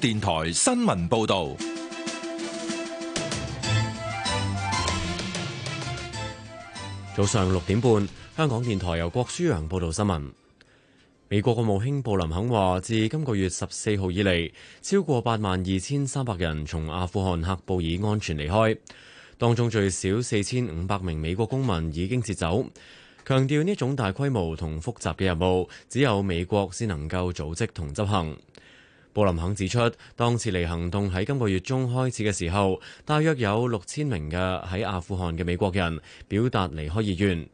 電台新聞報道：早上六點半，香港電台由郭舒揚報道新聞。美國國務卿布林肯話，自今個月十四號以嚟，超過八萬二千三百人從阿富汗喀布爾安全離開，當中最少四千五百名美國公民已經撤走。強調呢種大規模同複雜嘅任務，只有美國先能夠組織同執行。布林肯指出，當撤離行動喺今個月中開始嘅時候，大約有六千名嘅喺阿富汗嘅美國人表達離開意願，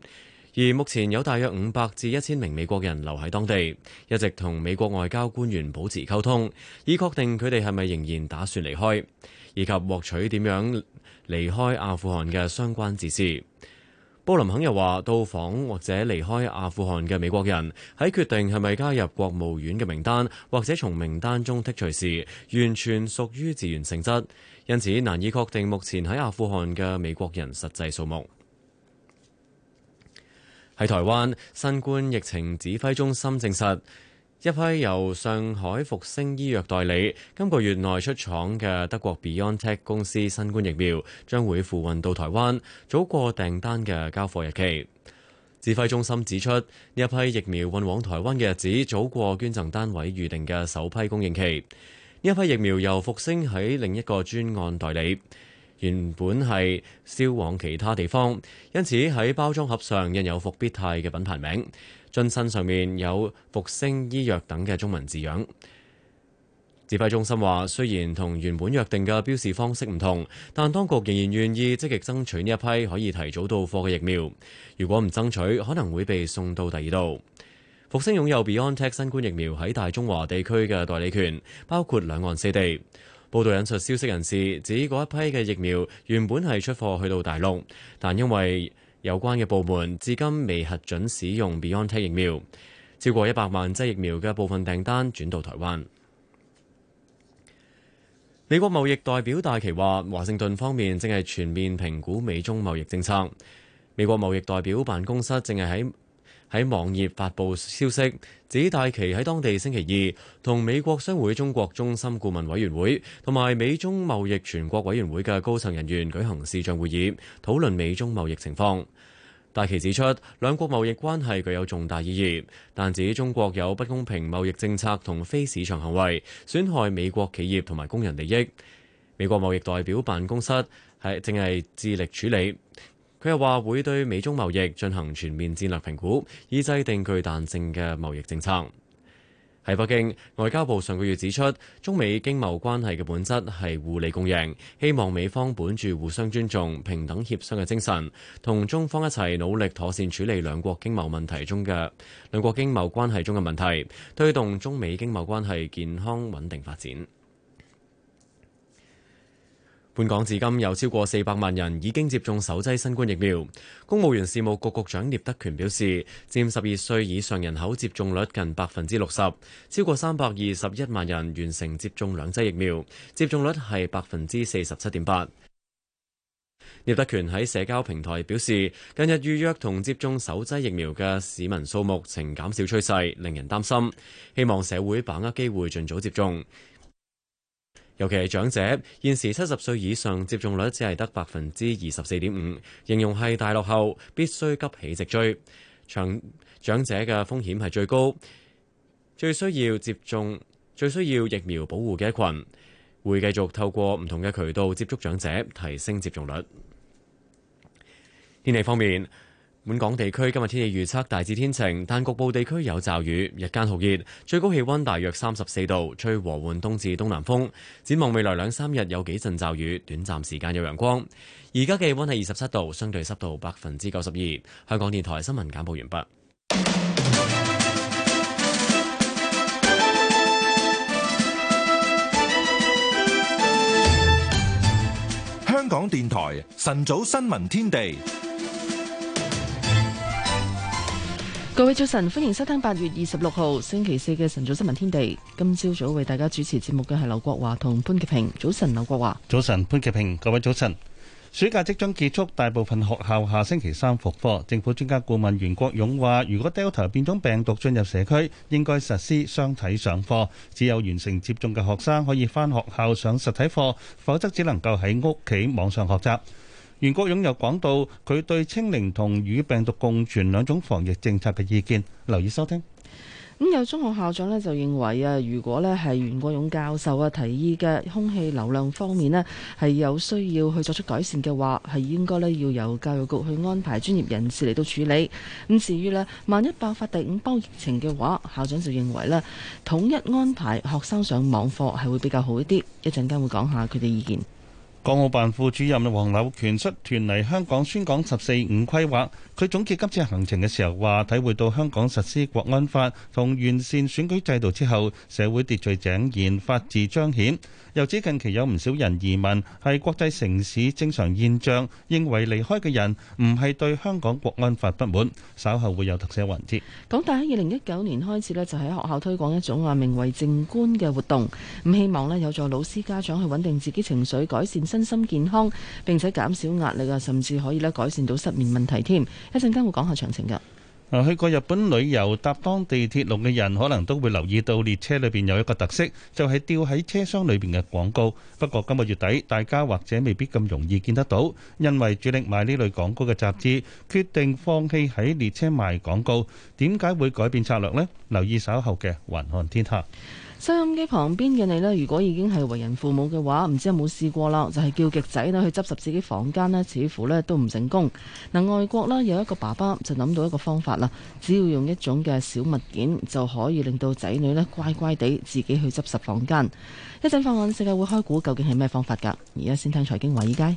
而目前有大約五百至一千名美國人留喺當地，一直同美國外交官員保持溝通，以確定佢哋係咪仍然打算離開，以及獲取點樣離開阿富汗嘅相關指示。布林肯又話：到訪或者離開阿富汗嘅美國人，喺決定係咪加入國務院嘅名單或者從名單中剔除時，完全屬於自願性質，因此難以確定目前喺阿富汗嘅美國人實際數目。喺台灣，新冠疫情指揮中心證實。一批由上海復星醫藥代理，今個月內出廠嘅德國 BioNTech 公司新冠疫苗，將會赴運到台灣，早過訂單嘅交貨日期。指揮中心指出，呢一批疫苗運往台灣嘅日子，早過捐贈單位預定嘅首批供應期。呢一批疫苗由復星喺另一個專案代理，原本係銷往其他地方，因此喺包裝盒上印有復必泰嘅品牌名。樽身上面有復星醫藥等嘅中文字樣。指揮中心話：雖然同原本約定嘅標示方式唔同，但當局仍然願意積極爭取呢一批可以提早到貨嘅疫苗。如果唔爭取，可能會被送到第二度。復星擁有 BioNTech 新冠疫苗喺大中華地區嘅代理權，包括兩岸四地。報道引述消息人士指，嗰一批嘅疫苗原本係出貨去到大陸，但因為有關嘅部門至今未核准使用 BioNTech 疫苗，超過一百萬劑疫苗嘅部分訂單轉到台灣。美國貿易代表戴琪話，華盛頓方面正係全面評估美中貿易政策。美國貿易代表辦公室正係喺。喺網頁發布消息，指戴琪喺當地星期二同美國商會中國中心顧問委員會同埋美中貿易全國委員會嘅高層人員舉行視像會議，討論美中貿易情況。戴琪指出，兩國貿易關係具有重大意義，但指中國有不公平貿易政策同非市場行為，損害美國企業同埋工人利益。美國貿易代表辦公室係正係致力處理。佢又話會對美中貿易進行全面戰略評估，以制定具彈性嘅貿易政策。喺北京，外交部上個月指出，中美經貿關係嘅本質係互利共贏，希望美方本住互相尊重、平等協商嘅精神，同中方一齊努力妥善處理兩國經貿問題中嘅兩國經貿關係中嘅問題，推動中美經貿關係健康穩定發展。本港至今有超過四百萬人已經接種首劑新冠疫苗。公務員事務局局長聶德權表示，佔十二歲以上人口接種率近百分之六十，超過三百二十一萬人完成接種兩劑疫苗，接種率係百分之四十七點八。聶德權喺社交平台表示，近日預約同接種首劑疫苗嘅市民數目呈減少趨勢，令人擔心，希望社會把握機會，盡早接種。尤其係長者，現時七十歲以上接種率只係得百分之二十四點五，形容係大落後，必須急起直追。長長者嘅風險係最高，最需要接種、最需要疫苗保護嘅一群，會繼續透過唔同嘅渠道接觸長者，提升接種率。天氣方面。本港地區今日天氣預測，大致天晴，但局部地區有驟雨，日間酷熱，最高氣溫大約三十四度，吹和緩東至東南風。展望未來兩三日有幾陣驟雨，短暫時間有陽光。而家嘅氣溫係二十七度，相對濕度百分之九十二。香港電台新聞簡報完畢。香港電台晨早新聞天地。各位早晨，歡迎收聽八月二十六號星期四嘅晨早新聞天地。今朝早為大家主持節目嘅係劉國華同潘潔平。早晨，劉國華。早晨，潘潔平。各位早晨。暑假即將結束，大部分學校下星期三復課。政府專家顧問袁國勇話，如果 Delta 變種病毒進入社區，應該實施雙體上課，只有完成接種嘅學生可以翻學校上實體課，否則只能夠喺屋企網上學習。袁國勇又講到佢對清零同與病毒共存兩種防疫政策嘅意見，留意收聽。咁有中學校長呢就認為啊，如果呢係袁國勇教授啊提議嘅空氣流量方面呢係有需要去作出改善嘅話，係應該呢要由教育局去安排專業人士嚟到處理。咁至於呢萬一爆發第五波疫情嘅話，校長就認為呢統一安排學生上網課係會比較好一啲。一陣間會講下佢哋意見。港澳辦副主任黃柳權率團嚟香港宣講十四五規劃。佢總結今次行程嘅時候話，體會到香港實施國安法同完善選舉制度之後，社會秩序井然，法治彰顯。又指近期有唔少人移民係國際城市正常現象，認為離開嘅人唔係對香港國安法不滿。稍後會有特寫環節。港大喺二零一九年開始呢，就喺學校推廣一種啊名為靜觀嘅活動，咁希望呢有助老師家長去穩定自己情緒，改善。身心健康，並且減少壓力啊，甚至可以咧改善到失眠問題添。一陣間會講下詳情噶。啊，去過日本旅遊搭當地鐵路嘅人，可能都會留意到列車裏邊有一個特色，就係吊喺車廂裏邊嘅廣告。不過今個月底，大家或者未必咁容易見得到，因為主力賣呢類廣告嘅雜誌決定放棄喺列車賣廣告。點解會改變策略咧？留意稍後嘅《環看天下》。收音機旁邊嘅你咧，如果已經係為人父母嘅話，唔知有冇試過啦？就係、是、叫極仔咧去執拾自己房間咧，似乎咧都唔成功。而、呃、外國啦有一個爸爸就諗到一個方法啦，只要用一種嘅小物件就可以令到仔女咧乖乖地自己去執拾房間。一陣放眼世界會開估，究竟係咩方法㗎？而家先聽財經華爾街，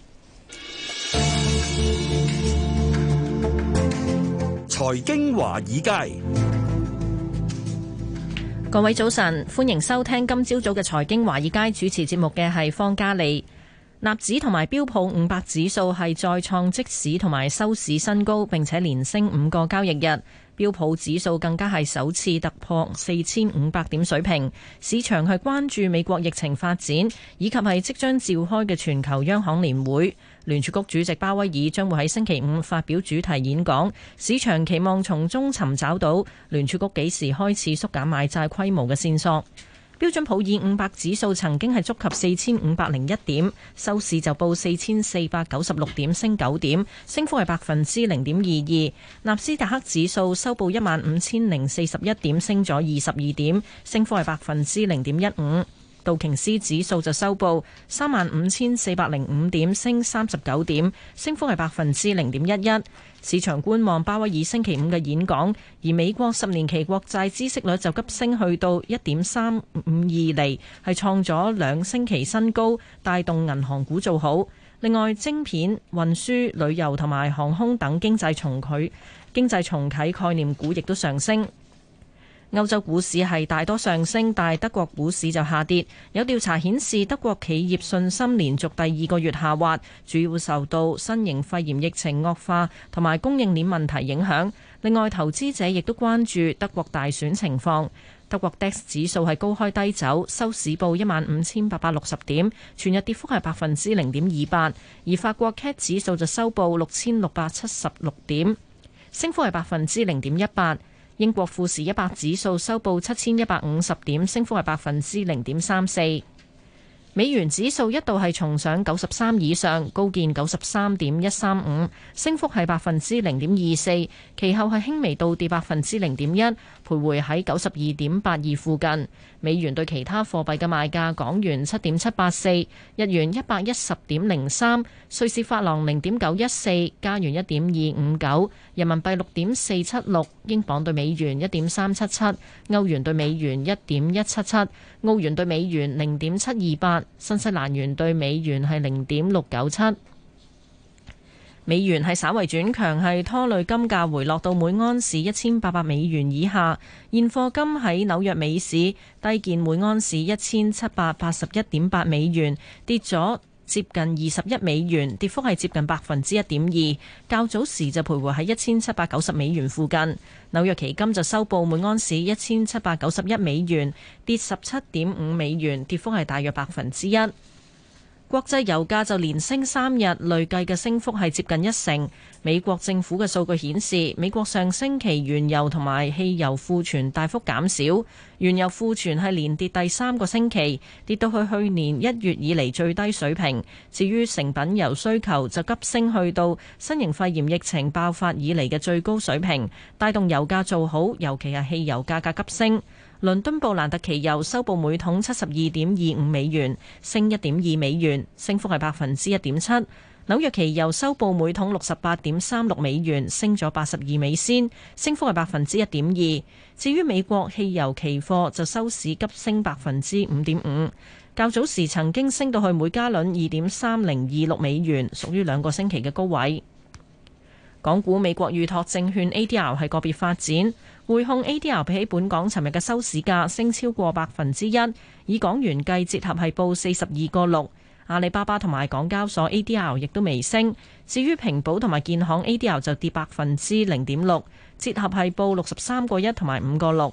財經華爾街。各位早晨，歡迎收聽今朝早嘅財經華爾街，主持節目嘅係方嘉利。納指同埋標普五百指數係再創即市同埋收市新高，並且連升五個交易日。標普指數更加係首次突破四千五百點水平。市場係關注美國疫情發展，以及係即將召開嘅全球央行年會。聯儲局主席鮑威爾將會喺星期五發表主題演講，市場期望從中尋找到聯儲局幾時開始縮減買債規模嘅線索。標準普爾五百指數曾經係觸及四千五百零一點，收市就報四千四百九十六點，升九點，升幅係百分之零點二二。納斯達克指數收報一萬五千零四十一點，升咗二十二點，升幅係百分之零點一五。道瓊斯指數就收報三萬五千四百零五點，升三十九點，升幅係百分之零點一一。市場觀望鮑威爾星期五嘅演講，而美國十年期國債孳息率就急升去到一點三五二厘，係創咗兩星期新高，帶動銀行股做好。另外，晶片、運輸、旅遊同埋航空等經濟重佢經濟重啟概念股亦都上升。歐洲股市係大多上升，但係德國股市就下跌。有調查顯示，德國企業信心連續第二個月下滑，主要受到新型肺炎疫情惡化同埋供應鏈問題影響。另外，投資者亦都關注德國大選情況。德國 DAX 指數係高開低走，收市報一萬五千八百六十點，全日跌幅係百分之零點二八。而法國 CAC 指數就收報六千六百七十六點，升幅係百分之零點一八。英國富時一百指數收報七千一百五十點，升幅係百分之零點三四。美元指數一度係重上九十三以上，高見九十三點一三五，升幅係百分之零點二四，其後係輕微倒跌百分之零點一。徘徊喺九十二點八二附近。美元對其他貨幣嘅賣價：港元七點七八四，日元一百一十點零三，瑞士法郎零點九一四，加元一點二五九，人民幣六點四七六，英鎊兌美元一點三七七，歐元兌美元一點一七七，澳元兌美元零點七二八，新西蘭元兌美元係零點六九七。美元係稍為轉強，係拖累金價回落到每安士一千八百美元以下。現貨金喺紐約美市低見每安士一千七百八十一點八美元，跌咗接近二十一美元，跌幅係接近百分之一點二。較早時就徘徊喺一千七百九十美元附近。紐約期金就收報每安士一千七百九十一美元，跌十七點五美元，跌幅係大約百分之一。國際油價就連升三日，累計嘅升幅係接近一成。美國政府嘅數據顯示，美國上星期原油同埋汽油庫存大幅減少，原油庫存係連跌第三個星期，跌到去去年一月以嚟最低水平。至於成品油需求就急升，去到新型肺炎疫情爆發以嚟嘅最高水平，帶動油價做好，尤其係汽油價格急升。倫敦布蘭特期油收報每桶七十二點二五美元，升一點二美元，升幅係百分之一點七。紐約期油收報每桶六十八點三六美元，升咗八十二美仙，升幅係百分之一點二。至於美國汽油期貨就收市急升百分之五點五，較早時曾經升到去每加侖二點三零二六美元，屬於兩個星期嘅高位。港股美國預託證券 ADR 係個別發展。匯控 ADR 比起本港尋日嘅收市價升超過百分之一，以港元計，折合係報四十二個六。阿里巴巴同埋港交所 ADR 亦都微升。至於平保同埋建行 ADR 就跌百分之零點六，折合係報六十三個一同埋五個六。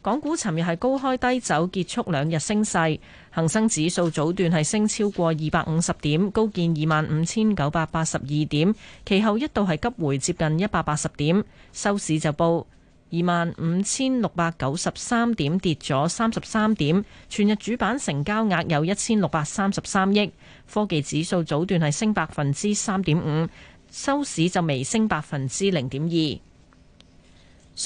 港股尋日係高開低走，結束兩日升勢。恒生指數早段係升超過二百五十點，高見二萬五千九百八十二點，其後一度係急回接近一百八十點，收市就報二萬五千六百九十三點，跌咗三十三點。全日主板成交額有一千六百三十三億。科技指數早段係升百分之三點五，收市就微升百分之零點二。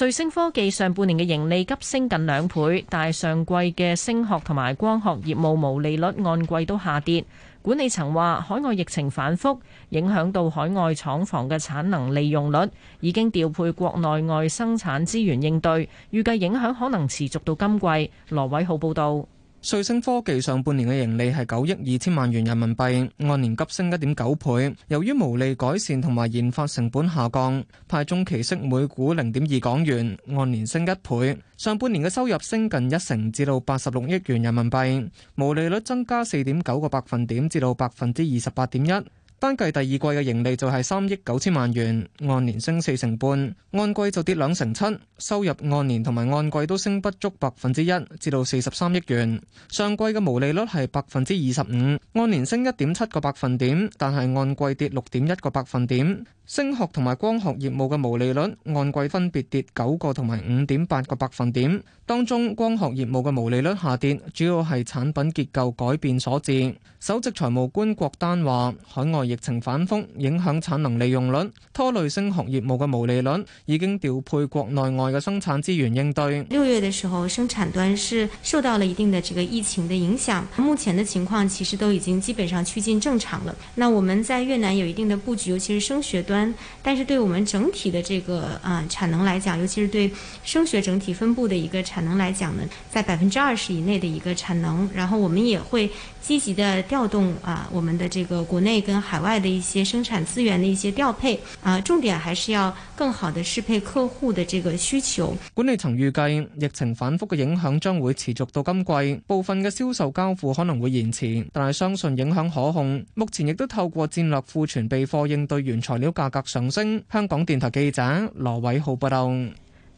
瑞聲科技上半年嘅盈利急升近兩倍，但上季嘅聲學同埋光學業務毛利率按季都下跌。管理層話海外疫情反覆影響到海外廠房嘅產能利用率，已經調配國內外生產資源應對，預計影響可能持續到今季。羅偉浩報道。瑞聲科技上半年嘅盈利係九億二千萬元人民幣，按年急升一點九倍。由於毛利改善同埋研發成本下降，派中期息每股零點二港元，按年升一倍。上半年嘅收入升近一成，至到八十六億元人民幣，毛利率增加四點九個百分點，至到百分之二十八點一。單計第二季嘅盈利就係三億九千萬元，按年升四成半，按季就跌兩成七。收入按年同埋按季都升不足百分之一，至到四十三億元。上季嘅毛利率係百分之二十五，按年升一點七個百分點，但係按季跌六點一個百分點。升學同埋光學業務嘅毛利率按季分別跌九個同埋五點八個百分點。當中光學業務嘅毛利率下跌，主要係產品結構改變所致。首席財務官郭丹話：海外，疫情反風影響產能利用率，拖累聲學業務嘅毛利率，已經調配國內外嘅生產資源應對。六月的時候，生產端是受到了一定的這個疫情的影響，目前的情況其實都已經基本上趨近正常了。那我們在越南有一定的佈局，尤其是聲學端，但是對我們整體的這個啊產能來講，尤其是對聲學整體分佈的一個產能來講呢，在百分之二十以內的一個產能，然後我們也會。積極的調動啊，我們的這個國內跟海外的一些生產資源的一些調配啊，重點還是要更好的適配客戶的這個需求。管理層預計疫情反覆嘅影響將會持續到今季，部分嘅銷售交付可能會延遲，但係相信影響可控。目前亦都透過戰略庫存備貨應對原材料價格上升。香港電台記者羅偉浩報道。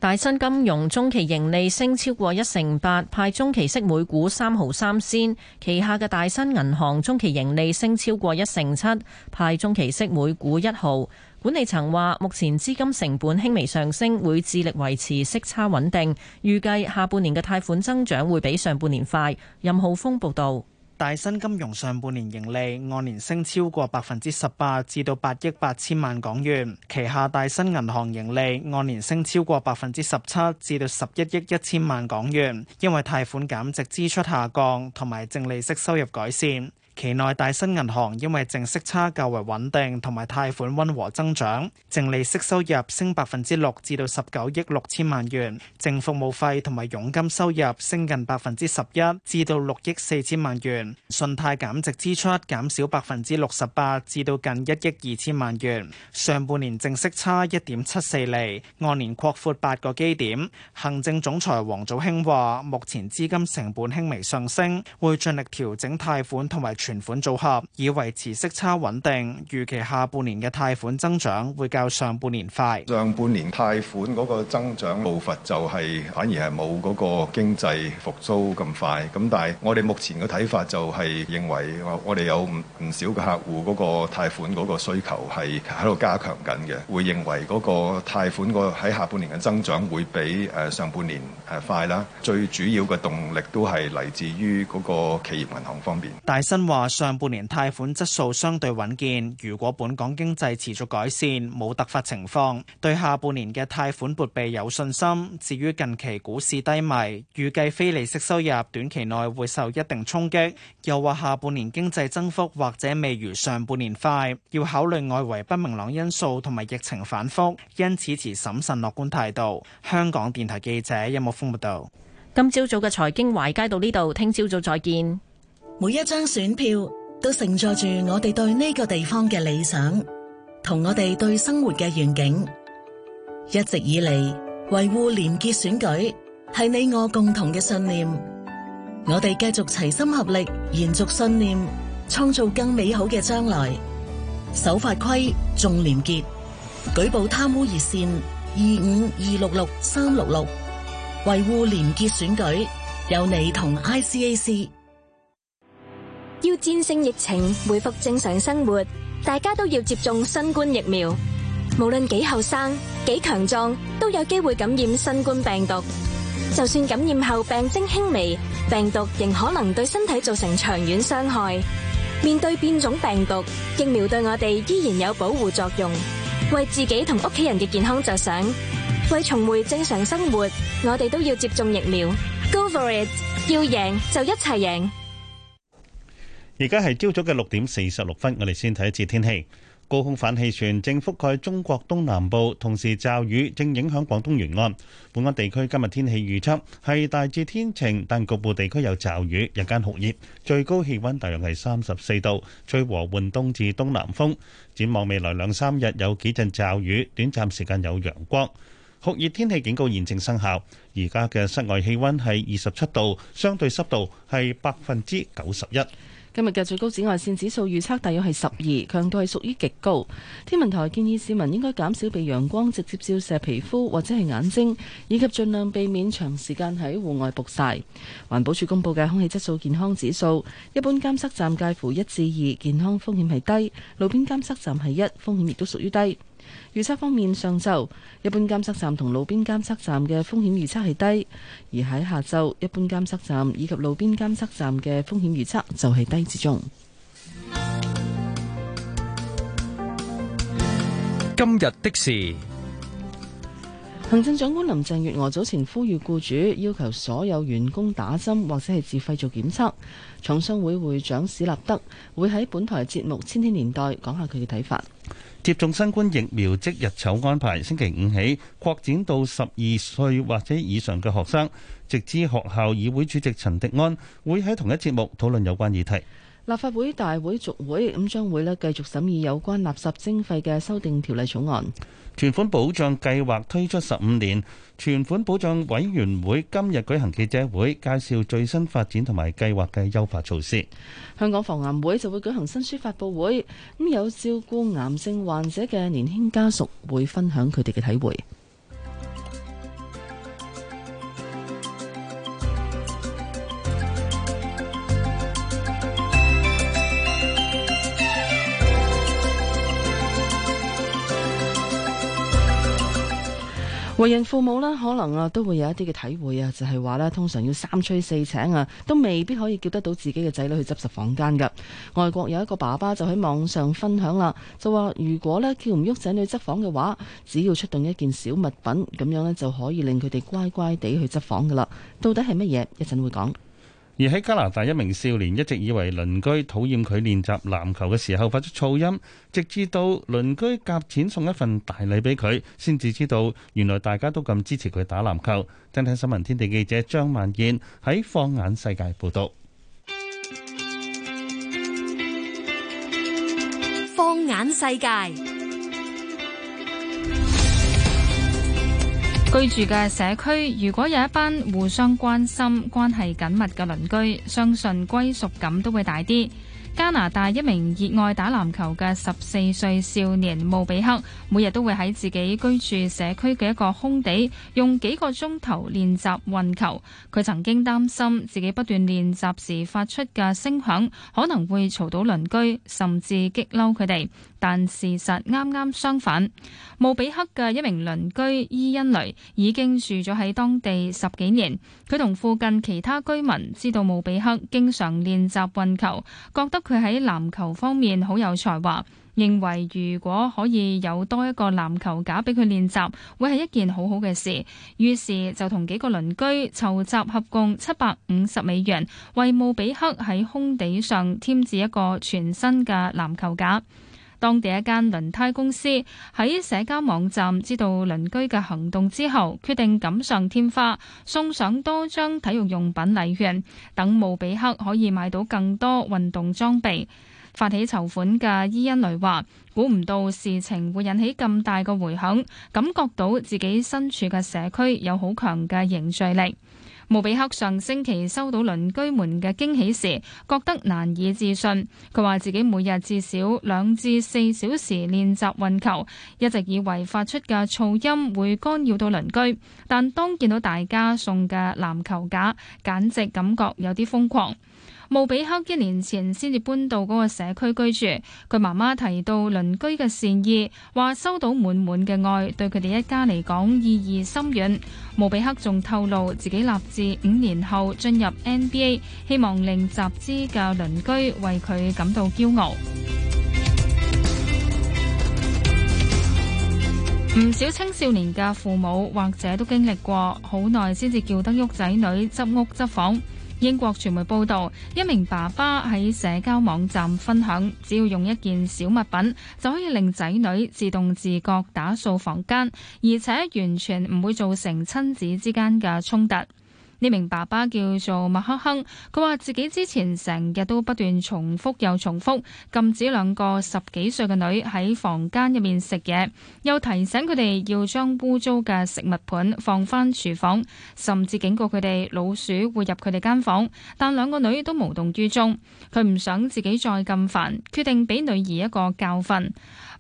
大新金融中期盈利升超過一成八，派中期息每股三毫三仙。旗下嘅大新銀行中期盈利升超過一成七，派中期息每股一毫。管理層話，目前資金成本輕微上升，會致力維持息差穩定。預計下半年嘅貸款增長會比上半年快。任浩峰報道。大新金融上半年盈利按年升超過百分之十八，至到八億八千萬港元。旗下大新銀行盈利按年升超過百分之十七，至到十一億一千萬港元，因為貸款減值支出下降，同埋淨利息收入改善。期內大新銀行因為淨息差較為穩定，同埋貸款溫和增長，淨利息收入升百分之六至到十九億六千萬元，淨服務費同埋佣金收入升近百分之十一至到六億四千萬元，信貸減值支出減少百分之六十八至到近一億二千萬元。上半年淨息差一點七四厘，按年擴闊八個基點。行政總裁王祖興話：目前資金成本輕微上升，會盡力調整貸款同埋存款組合以維持息差穩定，預期下半年嘅貸款增長會較上半年快。上半年貸款嗰個增長步伐就係反而係冇嗰個經濟復甦咁快。咁但係我哋目前嘅睇法就係認為我我哋有唔唔少嘅客戶嗰個貸款嗰個需求係喺度加強緊嘅，會認為嗰個貸款個喺下半年嘅增長會比誒上半年誒快啦。最主要嘅動力都係嚟自於嗰個企業銀行方面。大新話，話上半年貸款質素相對穩健，如果本港經濟持續改善，冇突發情況，對下半年嘅貸款撥備有信心。至於近期股市低迷，預計非利息收入短期內會受一定衝擊。又話下半年經濟增幅或者未如上半年快，要考慮外圍不明朗因素同埋疫情反復，因此持審慎樂觀態度。香港電台記者殷慕豐報道。有有今朝早嘅財經懷街到呢度，聽朝早再見。每一張選票都承載住我哋對呢個地方嘅理想，同我哋對生活嘅願景。一直以嚟，維護廉潔選舉係你我共同嘅信念。我哋繼續齊心合力，延續信念，創造更美好嘅將來。守法規，重廉潔，舉報貪污熱線二五二六六三六六，維護廉潔選舉，有你同 ICAC。要戰勝疫情，回復正常生活，大家都要接種新冠疫苗。無論幾後生、幾強壯，都有機會感染新冠病毒。就算感染後病徵輕微，病毒仍可能對身體造成長遠傷害。面對變種病毒，疫苗對我哋依然有保護作用。為自己同屋企人嘅健康着想，為重回正常生活，我哋都要接種疫苗。Go for it！要贏就一齊贏。而家係朝早嘅六點四十六分，我哋先睇一次天氣。高空反氣旋正覆蓋中國東南部，同時驟雨正影響廣東沿岸。本港地區今日天，天氣預測係大致天晴，但局部地區有驟雨，日間酷熱，最高氣溫大約係三十四度，吹和緩東至東南風。展望未來兩三日有幾陣驟雨，短暫時間有陽光。酷熱天氣警告現正生效。而家嘅室外氣溫係二十七度，相對濕度係百分之九十一。今日嘅最高紫外線指數預測大約係十二，強度係屬於極高。天文台建議市民應該減少被陽光直接照射皮膚或者係眼睛，以及盡量避免長時間喺戶外曝曬。環保署公布嘅空氣質素健康指數，一般監測站介乎一至二，健康風險係低；路邊監測站係一，風險亦都屬於低。預測方面，上晝，一般監測站同路邊監測站嘅風險預測係低，而喺下晝，一般監測站以及路邊監測站嘅風險預測就係低至中。今日的事，行政長官林鄭月娥早前呼籲僱主要求所有員工打針或者係自費做檢測。廠商會會長史立德會喺本台節目《千禧年代》講下佢嘅睇法。接種新冠疫苗即日籌安排，星期五起擴展到十二歲或者以上嘅學生。直資學校議會主席陳迪安會喺同一節目討論有關議題。立法會大會續會，咁將會呢繼續審議有關垃圾徵費嘅修訂條例草案。存款保障計劃推出十五年，存款保障委員會今日舉行記者會，介紹最新發展同埋計劃嘅優化措施。香港防癌會就會舉行新書發布會，咁有照顧癌症患者嘅年輕家屬會分享佢哋嘅體會。為人父母呢，可能啊都會有一啲嘅體會啊，就係話呢，通常要三催四請啊，都未必可以叫得到自己嘅仔女去執拾房間噶。外國有一個爸爸就喺網上分享啦，就話如果呢，叫唔喐仔女執房嘅話，只要出動一件小物品，咁樣呢，就可以令佢哋乖乖地去執房噶啦。到底係乜嘢？一陣會講。而喺加拿大，一名少年一直以為鄰居討厭佢練習籃球嘅時候發出噪音，直至到鄰居夾錢送一份大禮俾佢，先至知道原來大家都咁支持佢打籃球。聽聽新聞天地記者張萬燕喺《放眼世界》報道。《放眼世界》。居住嘅社區，如果有一班互相關心、關係緊密嘅鄰居，相信歸屬感都會大啲。加拿大一名熱愛打籃球嘅十四歲少年慕比克，每日都會喺自己居住社區嘅一個空地，用幾個鐘頭練習運球。佢曾經擔心自己不斷練習時發出嘅聲響，可能會嘈到鄰居，甚至激嬲佢哋。但事實啱啱相反，慕比克嘅一名鄰居伊恩雷已經住咗喺當地十幾年。佢同附近其他居民知道慕比克經常練習運球，覺得佢喺籃球方面好有才華，認為如果可以有多一個籃球架俾佢練習，會係一件好好嘅事。於是就同幾個鄰居籌集合共七百五十美元，為慕比克喺空地上添置一個全新嘅籃球架。當地一間輪胎公司喺社交網站知道鄰居嘅行動之後，決定錦上添花，送上多張體育用品禮券，等慕比克可以買到更多運動裝備。發起籌款嘅伊恩雷話，估唔到事情會引起咁大嘅回響，感覺到自己身處嘅社區有好強嘅凝聚力。莫比克上星期收到鄰居們嘅驚喜時，覺得難以置信。佢話自己每日至少兩至四小時練習運球，一直以為發出嘅噪音會干擾到鄰居，但當見到大家送嘅籃球架，簡直感覺有啲瘋狂。慕比克一年前先至搬到嗰個社區居住，佢媽媽提到鄰居嘅善意，話收到滿滿嘅愛，對佢哋一家嚟講意義深遠。慕比克仲透露自己立志五年後進入 NBA，希望令集資嘅鄰居為佢感到驕傲。唔 少青少年嘅父母或者都經歷過好耐先至叫得喐仔女執屋執房。英國傳媒報道，一名爸爸喺社交網站分享，只要用一件小物品，就可以令仔女自動自覺打掃房間，而且完全唔會造成親子之間嘅衝突。呢名爸爸叫做麥克亨，佢話自己之前成日都不斷重複又重複禁止兩個十幾歲嘅女喺房間入面食嘢，又提醒佢哋要將污糟嘅食物盤放返廚房，甚至警告佢哋老鼠會入佢哋間房，但兩個女都無動於衷。佢唔想自己再咁煩，決定俾女兒一個教訓。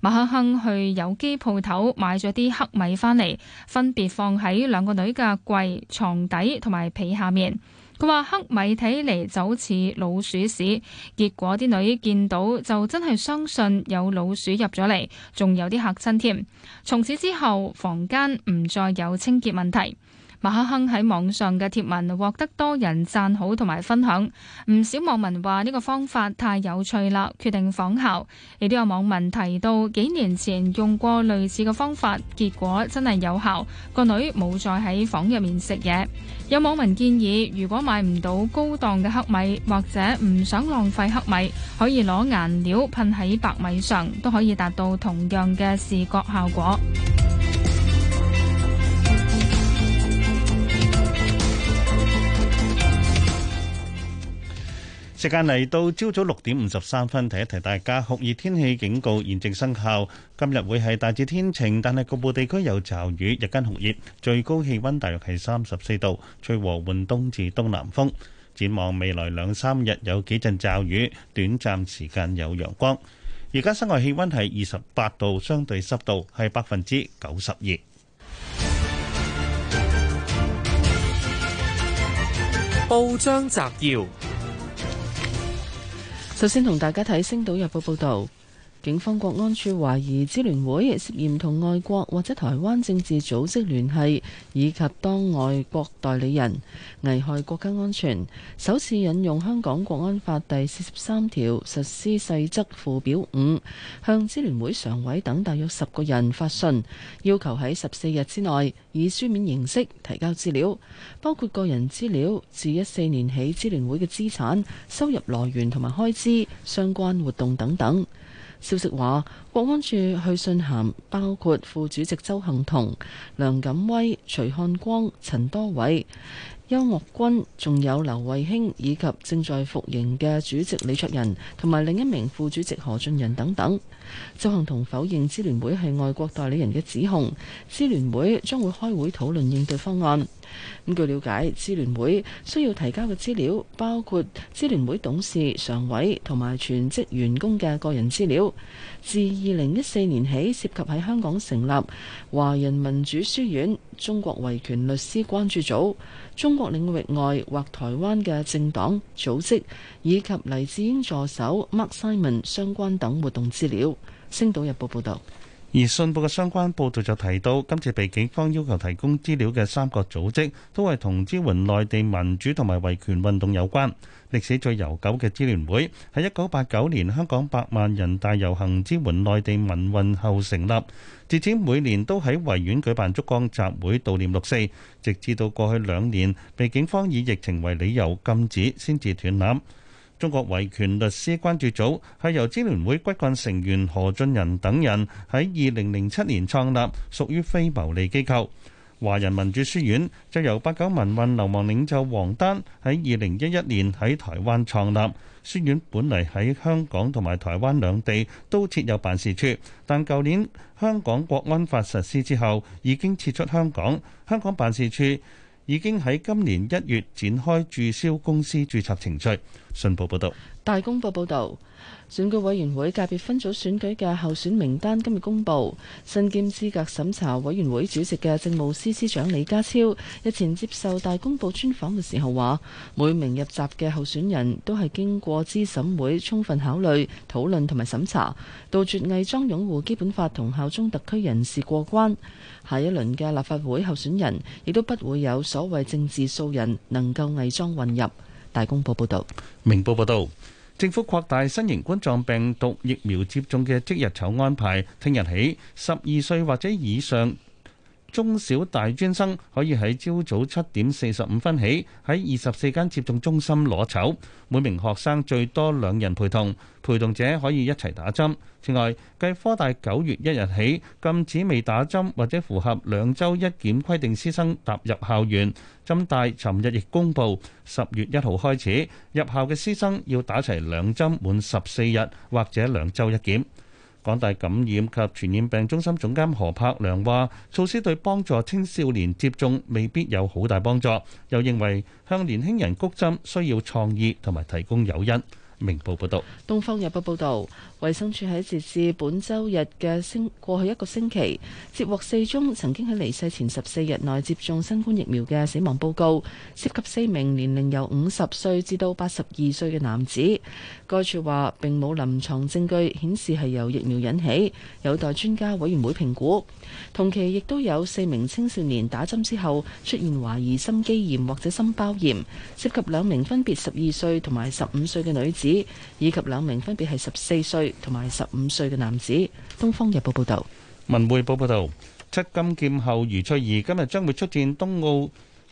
馬克亨去有機鋪頭買咗啲黑米返嚟，分別放喺兩個女嘅櫃、床底同埋被下面。佢話黑米睇嚟就好似老鼠屎，結果啲女見到就真係相信有老鼠入咗嚟，仲有啲嚇親添。從此之後，房間唔再有清潔問題。馬克亨喺網上嘅貼文獲得多人讚好同埋分享，唔少網民話呢個方法太有趣啦，決定仿效。亦都有網民提到，幾年前用過類似嘅方法，結果真係有效，個女冇再喺房入面食嘢。有網民建議，如果買唔到高檔嘅黑米，或者唔想浪費黑米，可以攞顏料噴喺白米上，都可以達到同樣嘅視覺效果。時間嚟到朝早六點五十三分，提一提大家酷熱天氣警告現正生效。今日會係大致天晴，但係局部地區有驟雨，日間酷熱，最高氣溫大約係三十四度，吹和緩東至東南風。展望未來兩三日有幾陣驟雨，短暫時間有陽光。而家室外氣溫係二十八度，相對濕度係百分之九十二。報章摘要。首先同大家睇《星島日報》報道。警方國安處懷疑支聯會涉嫌同外國或者台灣政治組織聯繫，以及當外國代理人危害國家安全，首次引用香港國安法第四十三條實施細則附表五，向支聯會常委等大約十個人發信，要求喺十四日之內以書面形式提交資料，包括個人資料、自一四年起支聯會嘅資產、收入來源同埋開支、相關活動等等。消息話，國安處去信函包括副主席鄒幸彤、梁錦威、徐漢光、陳多偉、邱岳君，仲有劉慧卿以及正在服刑嘅主席李卓人同埋另一名副主席何俊仁等等。鄒幸彤否認支聯會係外國代理人嘅指控，支聯會將會開會討論應對方案。咁據了解，支聯會需要提交嘅資料包括支聯會董事、常委同埋全職員工嘅個人資料，自二零一四年起涉及喺香港成立華人民主書院、中國維權律師關注組、中國領域外或台灣嘅政黨組織，以及黎智英助手 Mark Simon 相關等活動資料。星島日報報導。而信報嘅相關報導就提到，今次被警方要求提供資料嘅三個組織，都係同支援內地民主同埋維權運動有關。歷史最悠久嘅支聯會，喺一九八九年香港百萬人大遊行支援內地民運後成立，自此每年都喺維園舉辦燭光集會悼念六四，直至到過去兩年被警方以疫情為理由禁止，先至斷纜。中國維權律師關注組係由支聯會骨幹成員何俊仁等人喺二零零七年創立，屬於非牟利機構。華人民主書院就由八九民運流亡領袖王丹喺二零一一年喺台灣創立，書院本嚟喺香港同埋台灣兩地都設有辦事處，但舊年香港國安法實施之後，已經撤出香港，香港辦事處。已經喺今年一月展開註銷公司註冊程序。信報報道。大公報報道。選舉委員會界別分組選舉嘅候選名單今日公布，身兼資格審查委員會主席嘅政務司司長李家超日前接受大公報專訪嘅時候話：每名入閘嘅候選人都係經過資審會充分考慮、討論同埋審查，杜絕偽裝擁護基本法同效忠特區人士過關。下一輪嘅立法會候選人亦都不會有所謂政治素人能夠偽裝混入。大公報報道。明報報導。政府擴大新型冠狀病毒疫苗接種嘅即日籌安排，聽日起，十二歲或者以上，中小大專生可以喺朝早七點四十五分起喺二十四間接種中心攞籌，每名學生最多兩人陪同，陪同者可以一齊打針。此外，計科大九月一日起禁止未打針或者符合兩週一檢規定師生踏入校園。浸大尋日亦公布，十月一號開始入校嘅師生要打齊兩針，滿十四日或者兩週一檢。港大感染及傳染病中心總監何柏良話：措施對幫助青少年接種未必有好大幫助，又認為向年輕人谷針需要創意同埋提供誘因。明報報道。東方日報報導。衛生署喺截至本周日嘅星過去一個星期，接獲四宗曾經喺離世前十四日內接種新冠疫苗嘅死亡報告，涉及四名年齡由五十歲至到八十二歲嘅男子。該署話並冇臨床證據顯示係由疫苗引起，有待專家委員會評估。同期亦都有四名青少年打針之後出現懷疑心肌炎或者心包炎，涉及兩名分別十二歲同埋十五歲嘅女子，以及兩名分別係十四歲。同埋十五歲嘅男子，《東方日報》報道，《文匯報》報道：「七金劍後余翠怡今日將會出戰東奧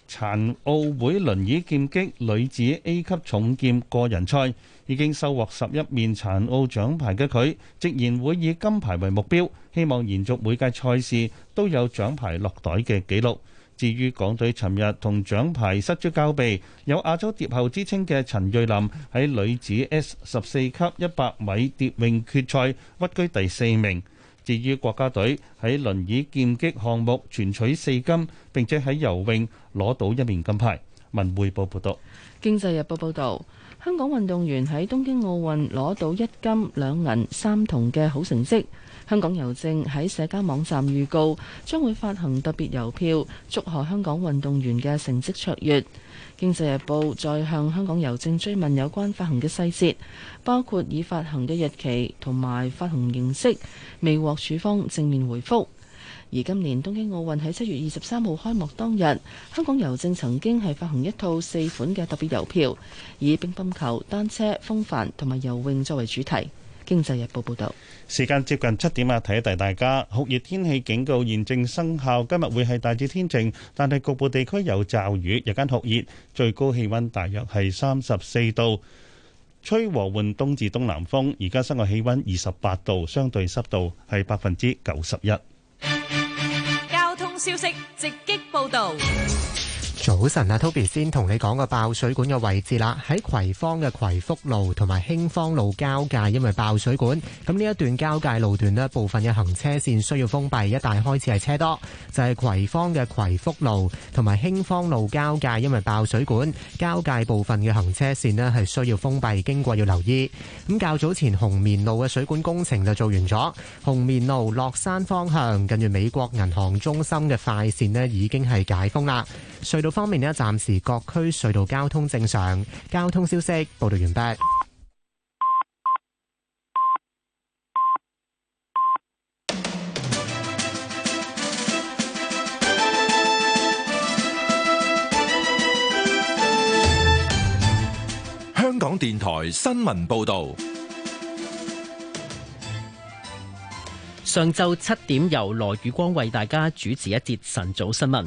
殘奧會輪椅劍擊女子 A 級重劍個人賽。已經收穫十一面殘奧獎牌嘅佢，直言會以金牌為目標，希望延續每屆賽事都有獎牌落袋嘅紀錄。至於港隊，尋日同獎牌失之交臂，有亞洲蝶后之稱嘅陳瑞琳喺女子 S 十四級一百米蝶泳決賽屈居第四名。至於國家隊喺輪椅劍擊項目全取四金，並且喺游泳攞到一面金牌。文匯報報導，《經濟日報》報導，香港運動員喺東京奧運攞到一金兩銀三銅嘅好成績。香港郵政喺社交網站預告將會發行特別郵票，祝賀香港運動員嘅成績卓越。經濟日報再向香港郵政追問有關發行嘅細節，包括已發行嘅日期同埋發行形式，未獲處方正面回覆。而今年東京奧運喺七月二十三號開幕當日，香港郵政曾經係發行一套四款嘅特別郵票，以乒乓球、單車、風帆同埋游泳作為主題。經濟日報報道，時間接近七點啊，提一提大家，酷熱天氣警告現正生效，今日會係大致天晴，但係局部地區有驟雨，日間酷熱，最高氣溫大約係三十四度，吹和緩東至東南風，而家室外氣溫二十八度，相對濕度係百分之九十一。交通消息直擊報道。早晨啊，Toby 先同你講個爆水管嘅位置啦，喺葵芳嘅葵福路同埋興芳路交界，因為爆水管，咁呢一段交界路段咧，部分嘅行車線需要封閉，一帶開始係車多，就係葵芳嘅葵福路同埋興芳路交界，因為爆水管，交界部分嘅行車線咧係需要封閉，經過要留意。咁較早前紅棉路嘅水管工程就做完咗，紅棉路落山方向近住美國銀行中心嘅快線咧已經係解封啦，隧道，方面呢，暫時各區隧道交通正常。交通消息報道完畢。香港電台新聞報導，上晝七點由羅宇光為大家主持一節晨早新聞。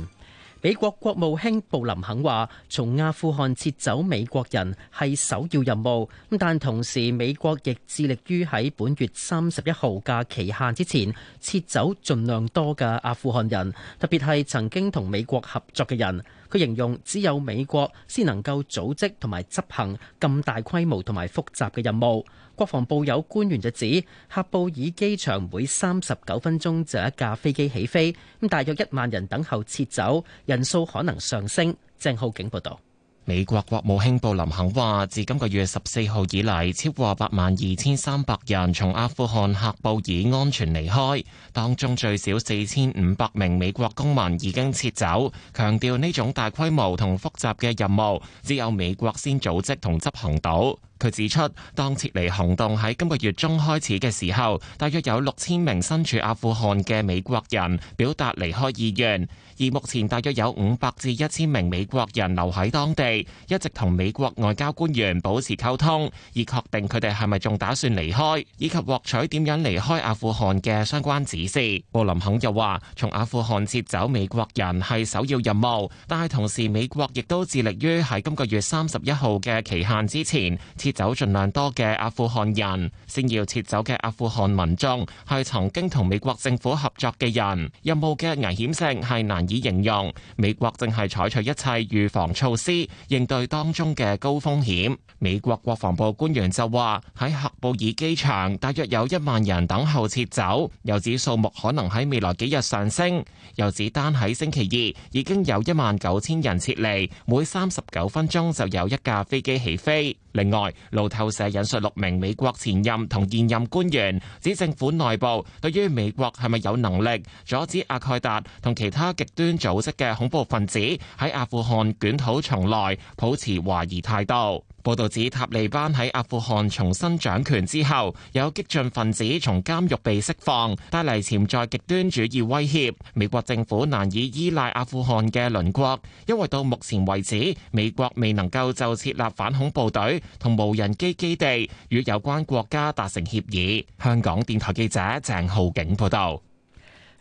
美國國務卿布林肯話：從阿富汗撤走美國人係首要任務，咁但同時美國亦致力於喺本月三十一號嘅期限之前撤走盡量多嘅阿富汗人，特別係曾經同美國合作嘅人。佢形容只有美國先能夠組織同埋執行咁大規模同埋複雜嘅任務。國防部有官員就指，喀布爾機場每三十九分鐘就一架飛機起飛，咁大約一萬人等候撤走，人數可能上升。鄭浩景報道，美國國務卿布林肯話：自今個月十四號以嚟，超過八萬二千三百人從阿富汗喀布爾安全離開，當中最少四千五百名美國公民已經撤走。強調呢種大規模同複雜嘅任務，只有美國先組織同執行到。佢指出，當撤離行動喺今個月中開始嘅時候，大約有六千名身處阿富汗嘅美國人表達離開意願，而目前大約有五百至一千名美國人留喺當地，一直同美國外交官員保持溝通，以確定佢哋係咪仲打算離開以及獲取點樣離開阿富汗嘅相關指示。布林肯又話從阿富汗撤走美國人係首要任務，但係同時美國亦都致力於喺今個月三十一號嘅期限之前。撤走盡量多嘅阿富汗人，先要撤走嘅阿富汗民眾係曾經同美國政府合作嘅人。任務嘅危險性係難以形容。美國正係採取一切預防措施，應對當中嘅高風險。美國國防部官員就話：喺喀布爾機場，大約有一萬人等候撤走，又指數目可能喺未來幾日上升。又指單喺星期二已經有一萬九千人撤離，每三十九分鐘就有一架飛機起飛。另外，路透社引述六名美國前任同現任官員指，政府內部對於美國係咪有能力阻止阿蓋達同其他極端組織嘅恐怖分子喺阿富汗捲土重來，抱持懷疑態度。報道指，塔利班喺阿富汗重新掌權之後，有激進分子從監獄被釋放，帶嚟潛在極端主義威脅。美國政府難以依賴阿富汗嘅鄰國，因為到目前為止，美國未能夠就設立反恐部隊同無人機基地與有關國家達成協議。香港電台記者鄭浩景報道。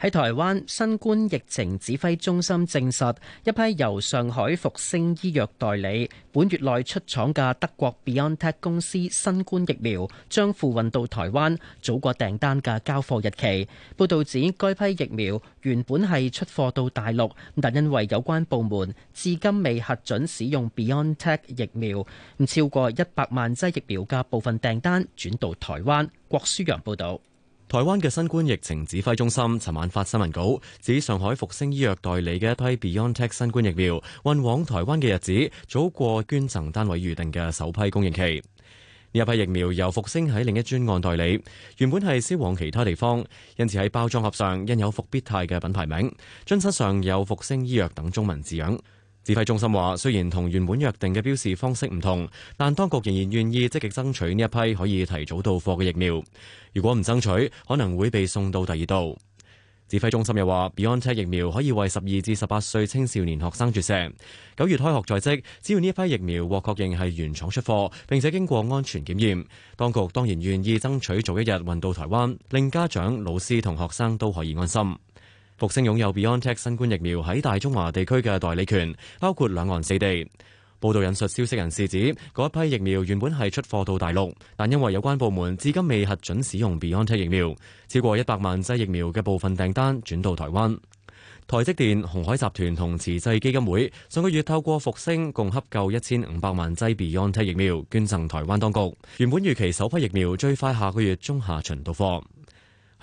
喺台灣新冠疫情指揮中心證實，一批由上海復星醫藥代理，本月內出廠嘅德國 BioNTech 公司新冠疫苗將付運到台灣，早過訂單嘅交貨日期。報導指，該批疫苗原本係出貨到大陸，但因為有關部門至今未核准使用 BioNTech 疫苗，不超過一百萬劑疫苗嘅部分訂單轉到台灣。郭舒陽報導。台灣嘅新冠疫情指揮中心尋晚發新聞稿，指上海復星醫藥代理嘅一批 BioNTech 新冠疫苗運往台灣嘅日子，早過捐贈單位預定嘅首批供應期。呢批疫苗由復星喺另一專案代理，原本係銷往其他地方，因此喺包裝盒上印有復必泰嘅品牌名，樽身上有復星醫藥等中文字樣。指揮中心話：雖然同原本約定嘅標示方式唔同，但當局仍然願意積極爭取呢一批可以提早到貨嘅疫苗。如果唔爭取，可能會被送到第二度。指揮中心又話，BioNTech 疫苗可以為十二至十八歲青少年學生注射，九月開學在即，只要呢一批疫苗獲確認係原廠出貨，並且經過安全檢驗，當局當然願意爭取早一日運到台灣，令家長、老師同學生都可以安心。復星擁有 BioNTech 新冠疫苗喺大中華地區嘅代理權，包括兩岸四地。報道引述消息人士指，嗰一批疫苗原本係出貨到大陸，但因為有關部門至今未核准使用 BioNTech 疫苗，超過一百萬劑疫苗嘅部分訂單轉到台灣。台積電、鴻海集團同慈濟基金會上個月透過復星共洽購一千五百萬劑 BioNTech 疫苗，捐贈台灣當局。原本預期首批疫苗最快下個月中下旬到貨。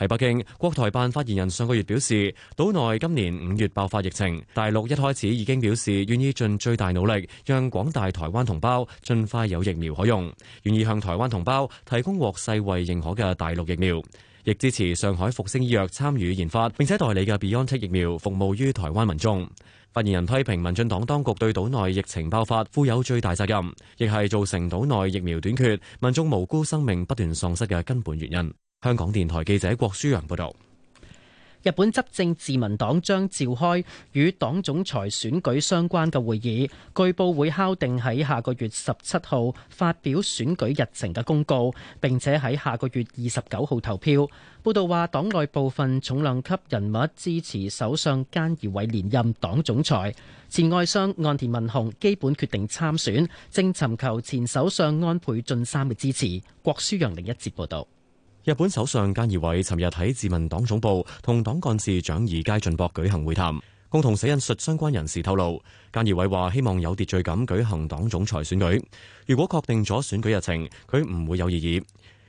喺北京，國台辦發言人上個月表示，島內今年五月爆發疫情，大陸一開始已經表示願意盡最大努力，讓廣大台灣同胞盡快有疫苗可用，願意向台灣同胞提供獲世衛認可嘅大陸疫苗，亦支持上海復星醫藥參與研發並且代理嘅 Biontech 疫苗服務於台灣民眾。發言人批評民進黨當局對島內疫情爆發負有最大責任，亦係造成島內疫苗短缺、民眾無辜生命不斷喪失嘅根本原因。香港電台記者郭舒陽報道，日本執政自民黨將召開與黨總裁選舉相關嘅會議，據報會敲定喺下個月十七號發表選舉日程嘅公告，並且喺下個月二十九號投票。報道話，黨內部分重量級人物支持首相菅義偉連任黨總裁，前外相岸田文雄基本決定參選，正尋求前首相安倍晉三嘅支持。郭舒陽另一節報道。日本首相菅義偉尋日喺自民黨總部同黨幹事長二階俊博舉行會談，共同社引述相關人士透露，菅義偉話希望有秩序噉舉行黨總裁選舉，如果確定咗選舉日程，佢唔會有異議。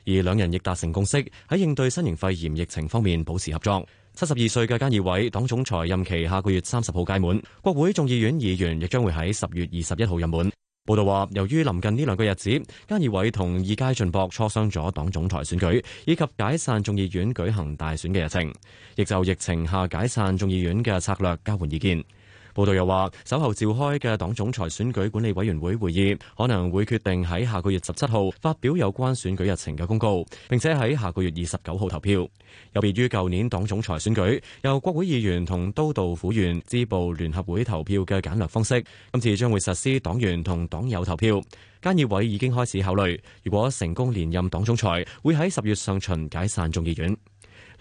而兩人亦達成共識，喺應對新型肺炎疫情方面保持合作。七十二歲嘅菅義偉黨總裁任期下個月三十號屆滿，國會眾議院議員亦將會喺十月二十一號任滿。報道話，由於臨近呢兩個日子，菅義偉同二階俊博磋商咗黨總裁選舉以及解散眾議院舉行大選嘅日程，亦就疫情下解散眾議院嘅策略交換意見。報道又話，稍後召開嘅黨總裁選舉管理委員會會議，可能會決定喺下個月十七號發表有關選舉日程嘅公告，並且喺下個月二十九號投票。有別於舊年黨總裁選舉由國會議員同都道府縣支部聯合會投票嘅簡略方式，今次將會實施黨員同黨友投票。菅義偉已經開始考慮，如果成功連任黨總裁，會喺十月上旬解散眾議院。